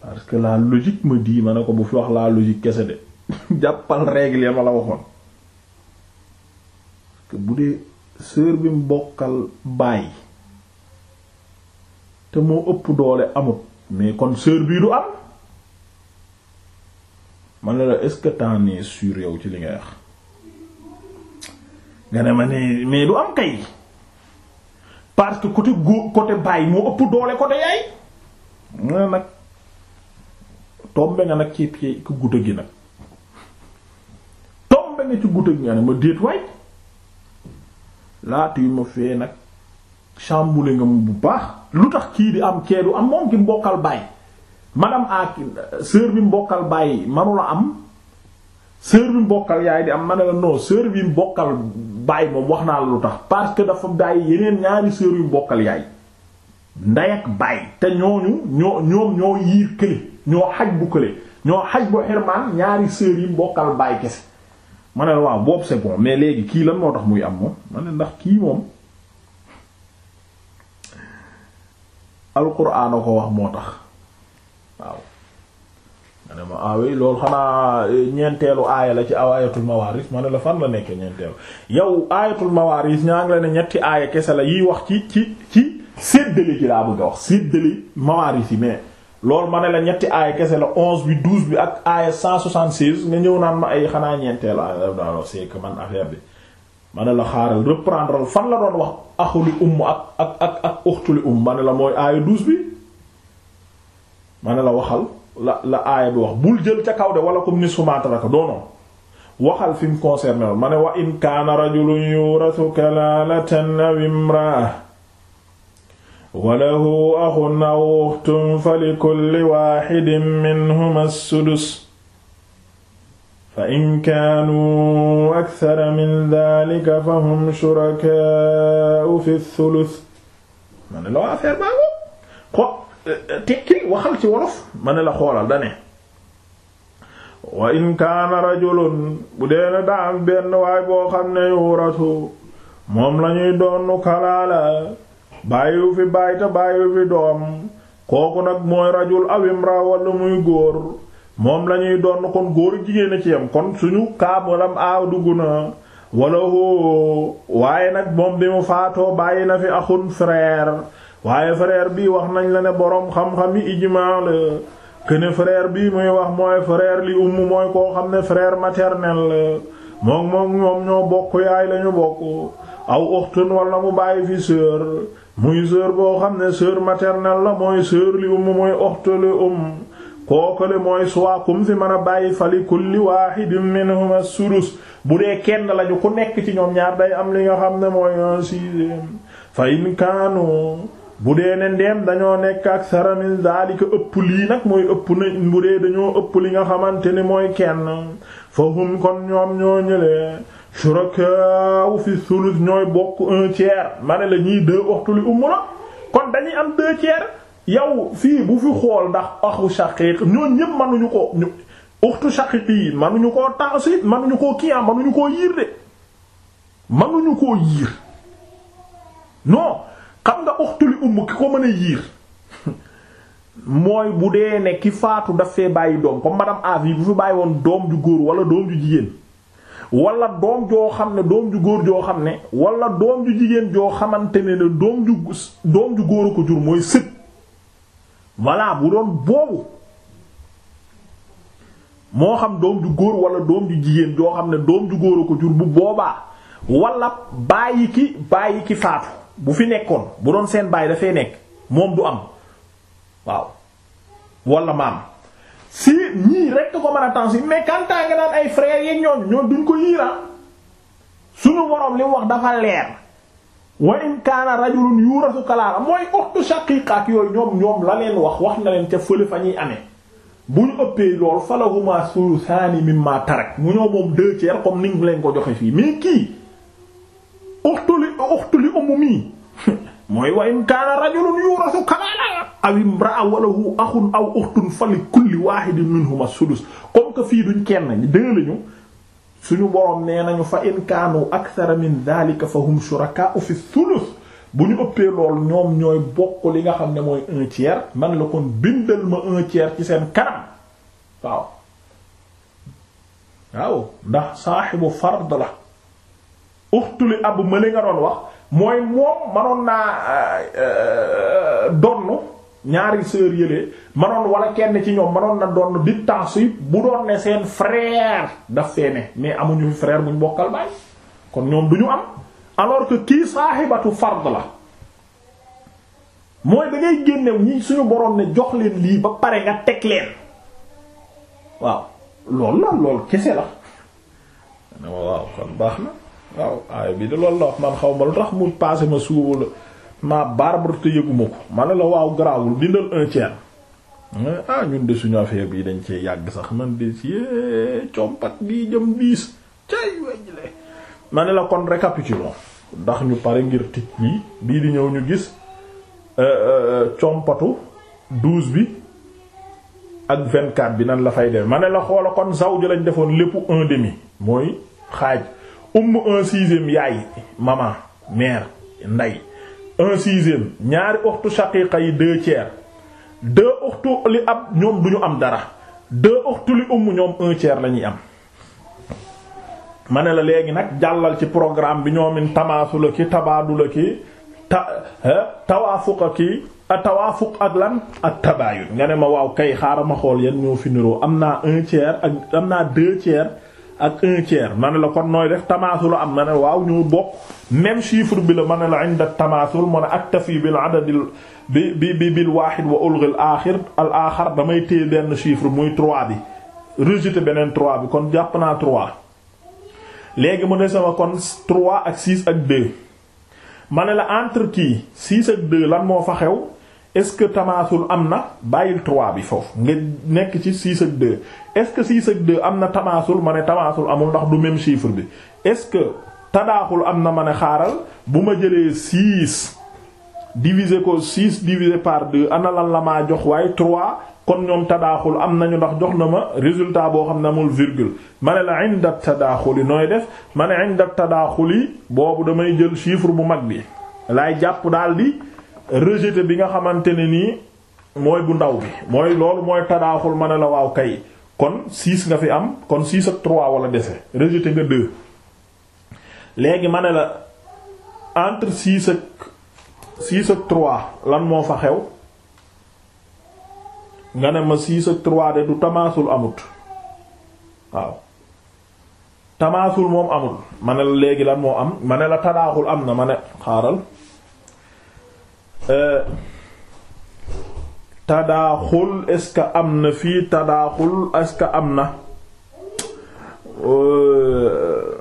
parce que la logique me dit ma ne ko bu fi wax la logique kese de jàppal règle ma la waxoon que bu dee sœur bi mu bokkal baay te moo ëpp doole amut mais kon sœur bii du am ma ne la est-ce que t'en es yow ci li nga wax nga ne ma ne mais du am kay parce que côté góo côté baay moo ëpp doole côté yaay mu nag tombe nga nag ci pied ku guta gi nag tombe nga ci guta gi nga ne ma déet waay laatu yu ma fee nag chamboulé nga mu bu baax lu tax kii di am kee du am moom ki mbokkal baay madame ak sœur bi mbokkal baay manula am sœur bi mbokkal yaay di am man la non sœur bi mbokkal bàyyi moom wax naa lu tax parce que dafa daay yeneen ñaari sœur yu bokkal yaay nday ak baay te ñooñu ñoo ñoom ñoo yiir kële ñoo xaj bu kële ñoo xaj bu xirmaan ñaari sœur yi bokkal baay kese ma ne boobu c'est bon mais léegi kii lan moo tax muy am moom ma ndax kii moom alxuraan a ko wax moo tax waaw ma ah loolu xanaa eh, ñeenteelu aaya la ci aw ayatul mawaaris ma ne la fan la nekk ñeenteelu yow ayatul mawaaris ñaa ngi la ne ñetti aaya kese la yiy wax ci ci ci séddale ji laa bëgg a wax séddale mawaaris yi mais loolu ma ne la ñetti aaya kese la onze bi douze bi ak aaya cent soixante-seize nga ñëw naan ma ay xanaa ñeenteelu aaya daal c'est que man affaire bi ma ne la xaaral reprendre fan la doon wax axuli umm ak ak ak ak uxtuli umm. ma ne la mooy aaya douze la la aaya bi wax bul jël ca kaw de wala comme ni sumaataraka doonoon waxal fi mu concerné woon ma ne wa in kaana rajulun yurathu kalaalatan aw imraa walahu axun aw uxtun fa likulli waaxidin minhuma sudus fa in kaanuu akthara min daalika fa hum shurakaa'u fi thuluth ma ne la waa affaire baa tekki waxal ci wolof ma ne la xoolal da ne wa in kaana bu dee na daa am benn waay boo xam ne yuuratu moom lañuy doon kalaala bàyyiwu fi bàyyiwu fi doom kooku nag mooy rajul awim ra walla muy góor moom lañuy doon kon góor jigéen a ci yam kon suñu kaabalam aaw dugg na walla hoo waaye nag moom bi mu faatoo bàyyi na fi axun frère waaye frère bii wax nañ la ne boroom xam-xam yi ijmaa la këne frère bii muy wax mooy frère li umm mooy koo xam ne frère maternel la moom moom ñoom ñoo bokk yaay lañu bokk aw uxtun wala mu bàyyi fi sœur muy sœur boo xam ne sœur maternelle la mooy sœur li umm muy uxtali umm kookale mooy suwaakum fi mën a bàyyi fali kulli waahidin minhuma sudus bu dee kenn lañu ku nekk ci ñoom ñaar day am li nga xam ne mooy un fa in bu dee ne ndeem dañoo nekk ak saramin daalika ëpp lii nag mooy ëpp nañ bu dee dañoo ëpp li nga xamante ni mooy kenn fa hum kon ñoom ñoo ñëlee shurakaa'u fi sulus ñooy bokk un tiers ma la ñii deux waxtu li ummu na kon dañuy am deux tiers yow fii bu fi xool ndax axu shaqiiq ñoo ñëpp mënuñu ko ñu uxtu shaqiiq yi mënuñu koo ta'siib ko koo kiiam mënuñu koo yiir de mënuñu koo yiir non xam nga uxtuli umm ki ko mën a yiir mooy bu dee ne ki faatu daf fee bàyyi doom comme madame avi bu fi bàyyi woon doom ju góor wala doom ju jigéen wala doom joo xam ne doom ju góor joo xam ne wala doom ju jigéen joo xamante ne ne doom ju góor a ko jur mooy sët voilà bu doon boobu moo xam doom ju góor wala doom ju jigéen joo xam ne doom ju góor a ko jur bu boobaa wala bàyyi ki bàyyi ki faatu bu fi nekkoon bu doon seen baay dafay nekk moom du am waaw wala maam si ñii rekk ko mën a temps si mais kantaa ay frères yeeg ñoom ñoom duñ ko yiira suñu borom li mu wax dafa leer wa in kaana rajulun yuurasu kalaala mooy ukhtu shaqiqa ak yooyu ñoom ñoom la leen wax wax na leen ca fële fa ñuy amee bu ñu ëppee lool falahuma sulusaani mimma tarak mu ñoo moom deux tiers comme ni ñu leen ko joxe fii mais kii uxtu li ummi mooy wa in kaana rajulun yurasu kalaala aw imra'a wa lahu axun aw uxtun fali kulli waahidin minhuma sudus comme que fii duñ kenn dëgg lañu suñu boroom nee nañu fa in kaanu akthara min dhalika fa hum shurakaa'u fi thuluth bu ñu ëppee lool ñoom ñooy bokk li nga xam ne mooy un tiers man la kon bindal ma un tiers ci seen kanam waaw ndax saaxibu fard la uxtuli abu ma nga doon wax mooy moom manoon naa euh, euh, donn ñaari sœur yëlee manoon wala kenn ci ñoom manoon na donn bi tansib bu doon ne seen frère daf fee mais amuñu fi frère buñ bokkal baay kon ñoom du ñu am alors que kii fard la mooy da ngay génnew ñi suñu boroom ne jox leen lii ba pare nga teg leen waaw loolu la loolu kese la waaw kon baax na waaw aaya bi de loolu la wax man xaw ma lu tax mu passé ma suuba ma barbre te yëguma ko ma ne la waaw garaawul dindal un tiers ah ñun de suñu affaire bi dañ cee yàgg sax man de si compat gi jëm diis cay wejle ma ndax ñu ngir tic bi bii di ñëw ñu gis euh, euh, compatu douze bi ak vingt-quatre bi nan la fay def ma ne la xoola kon zawju lañ defoon lépp un demi mooy xaaj umm un sixième yaay maman mère ndey un sixième ñaari uxtu shaqiqa yi deux tiers deux uxtu li ab ñoom du am dara deux uxtu li umm ñoom un tiers la ñuy am ma ne la léegi nag jàllal ci programme bi ñoomin tamaasula ki tabaadula ki ta tawaafuqa ki a tawaafuq ak lan ak tabaayun nga ne ma waaw kay xaaral ma xool yan ñoo fi niroo am naa un tiers ak am naa deux tiers ak un ma ne la kon nooy def tamaasul am ma ne waaw ñu bokk même chiffre bi la ma ne la inda tamaasul ma ne aktafi bil adadil bi bi bi bil waaxid wa ulghil aaxir al aaxar damay téye benn chiffre muy 3 bi rejeté beneen 3 bi kon jàpp naa 3 léegi mu ne sama kon 3 ak 6 ak ma ne la entre kii 6 ak 2 lan moo fa xew. est-ce que tamaasul am na bàyyil 3 bi foofu nga nekk ci 6 ak 2 est-ce que 6 ak 2 am na tamaasul ma ne tamaasul amul ndax du même chiffre bi est-ce que tadaaxul am na ma ne xaaral bu ma jëlee 6 diviser ko 6 diviser par 2 ana lan la maa jox waaye 3 kon ñoom tadaaxul am nañu ndax jox na ma résultat boo xam ne amul virgule ma ne la inda tadaaxuli nooy def ma ne inda tadaaxuli boobu damay jël chiffre bu mag bi laay jàpp daal di. rejeté bi nga xamante ne nii mooy bu ndaw bi mooy loolu mooy tadaaxul ma ne la waaw kay kon 6 nga fi am kon 6 ak 3 wala dese rejeté nga 2 léegi ma ne la entre 6 ak 6 ak 3 lan moo fa xew nga ne ma 6 ak 3 de du tamaasul amut waaw tamaasul moom amul ma ne la léegi lan moo am ma ne la tadaaxul am na ma ne xaaral. Euh, tadaaxul est-ce que am na fii tadaaxul est que am na euh,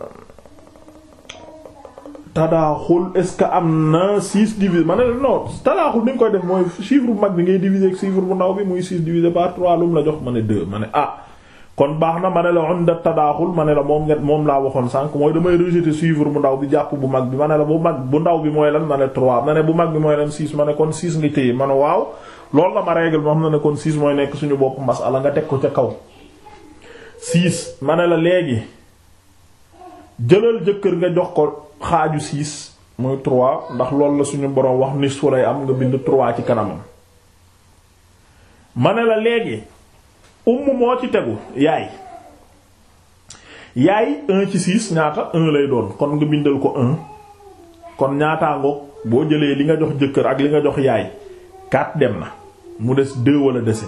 tadaaxul est-ce que am na six divisé ma ne la non tadaaxul ni nga koy def mooy chiffre bu mag bi ngay diviser ak chiffre bu ndaw bi muy six divisé par trois lu la jox ma ne deux ma ne ah kon baax na ma ne la onda tadaaxul ma ne la moom ngeen moom laa waxoon sànq mooy damay rejeter suivre bu ndaw bi jàpp bu mag bi ma ne la bu mag bu ndaw bi mooy lan ma ne 3 ma ne bu mag bi mooy lan 6 ma ne kon 6 nga téye ma ne waaw loolu la ma règle ma xam ne kon nekk suñu bopp masala nga teg ko ca kaw 6 ma ne la léegi jëlal jëkkër nga jox ko xaaju 6 muy 3 ndax loolu la suñu borom wax ni su lay am nga bind 3 ci kanamam ma ne la léegi umm moo ci tegu yaay yaay un ci six ñaata un lay doon kon nga bindal ko un kon ñaataa ngoog boo jëlee li nga jox jëkkër ak li nga jox yaay quatre dem na mu des deux wala dese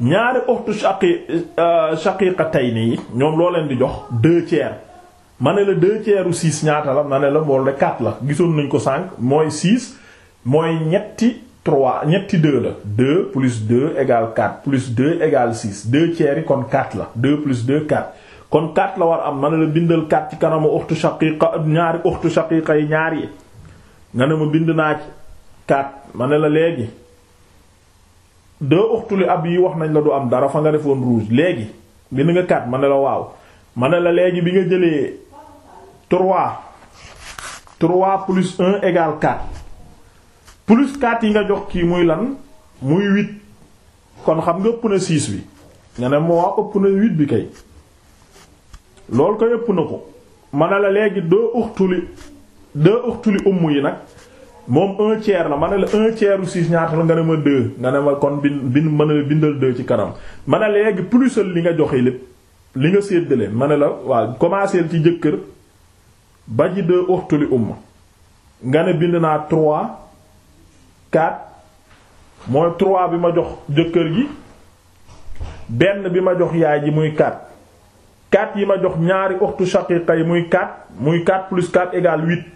ñaari uxtu shaqi euh, shaqiqatayn yi ñoom loo leen di jox deux tiers ma ne la deux tiers u ñaata la ma ne la bool de quatre la gisoon nañ ko cinq mooy six mooy ñetti 3 ñetti 2 la 2 plus 2 égale 4 plus 2 égale 6 2 tiers yi kon 4 la de plus de 4 kon 4 la war am ma ne la bindal 4 ci kanamu uxtu shaqiqa ñaari uxtu shaqiqa yi ñaar yi nga ne ma bind naa ci ma ne la léegi 2 uxtu li ab yi wax nañ la du am dara fa nga defoon rouge léegi bind nga 4 ma ne la waaw ma ne la léegi bi nga jëlee 3 3 plus 1 égale 4 plus 4 yi nga jox kii muy lan muy 8 kon xam nga ëpp na 6 bi nga ne moo waa ëpp na 8 bi kay loolu koy ëpp na ko ma ne la léegi deux uxtuli deux uxtuli umm yi nag moom un tiers la ma la un tiers u 6 nga ne ma 2 nga ne ma kon bin bin mën a bindal 2 ci kanam ma ne la léegi plusal li nga joxe lépp li nga séddale ma ne la waaw commencer ci jëkkër ba ji deux uxtuli umm nga ne bind naa 3. 4 mooy 3 bi ma jox jëkkër gi benn bi ma jox yaay ji muy 4 4 yi ma jox ñaari uxtu shaqiqa yi muy 4 muy 4 plus 4 égale 8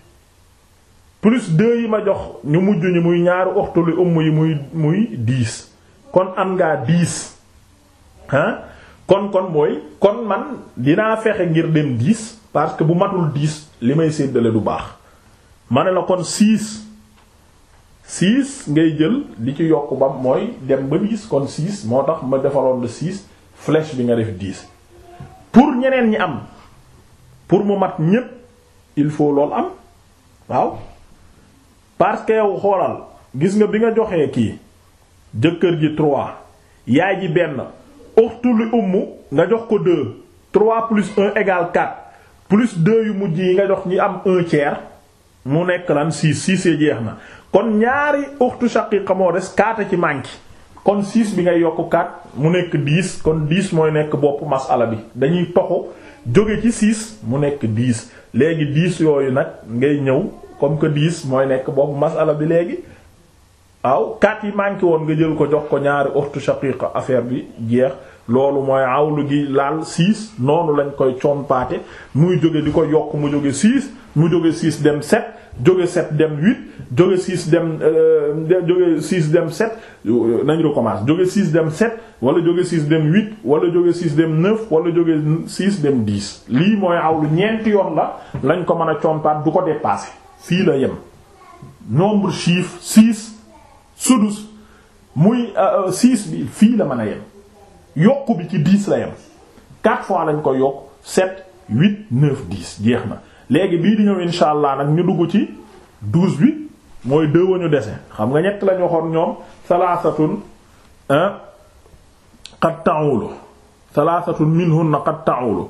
plus 2 yi ma jox ñu mujj muy ñaari uxtu li umm yi muy muy 10 kon am ngaa 10 kon kon mooy kon man dinaa fexe ngir dem 10 parce que bu matul 10 li may séddale du baax ma ne la kon 6. six ngay jël li ci yokk ba mooy dem ba dix kon six moo tax ma defaroon la six flèche bi nga def diis pour ñeneen ñi am pour mu mat ñépp il faut lool am waaw parce que yow xoolal gis nga bi nga joxee kii jëkkër ji trois yaay ji benn uxtu li umm nga jox ko deux trois plus un égale quatre plus yu mujj yi nga jox ñi am un tiers mu nekk lan six six jeex na kon ñaari uxtu shaqiqa moo des kaata ci manki kon 6 bi ngay yokk 4 mu nekk 10 kon 10 mooy nekk bopp masala bi dañuy toxu jóge ci 6 mu nekk diis léegi 10 yooyu nag ngay ñëw comme que diis mooy nekk bopp masala bi léegi waaw 4 yi manki woon nga jël ko jox ko ñaari uxtu shaqiqa affaire bi jeex loolu mooy awlu gi laal 6 noonu lañ koy compaate muy jóge di ko yokk mu jóge 6 mu jóge 6 dem 7 jóge sept dem huit jóge six dem euh, jóge six dem sept nañ recommence jóge six dem sept wala jóge six dem huit wala jóge six dem neuf wala jóge six dem dix lii mooy aw lu ñeenti yoon la lañ ko mën a compaat du ko dépasser fii la yem nombre chiffre six sudus muy euh, six bi fii la mën a yem yokk bi ci dix la yem quatre fois lañ ko yokk sept huit neuf dix jeex na léegi bii di ñëw insha allah nag ñu dugg ci douze bi mooy deux ñu dese xam nga ñett lañu waxoon ñoom salaasatun qad ta'ulu salaasatun minhunna qad ta'ulu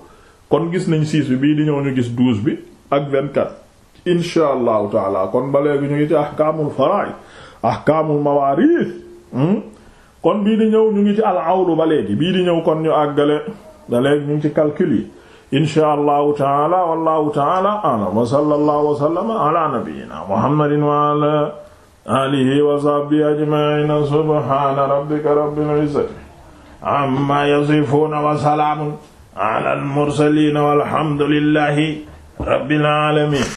kon gis nañ six bi bii di ñëw ñu gis douze bi ak vingt-quatre insha allahu taala kon ba léegi ñu ngi ci ahkaamul faraa'id ahkaamul mawaariis hmm? kon bii di ñëw ñu ngi ci al-awlu ba léegi bii di ñëw kon ñu àggale ba léegi ñu ngi ci calcul yi insha allahu taala wallahu taala a'lam wa sallallahu wa sallama ala nabiyyina muhammadin wa ala alihi wa sahbihi ajma'ina subhana rabbika rabbil izzati amma yasifuna wa salamun ala al mursalin walhamdulillahi rabbil alamin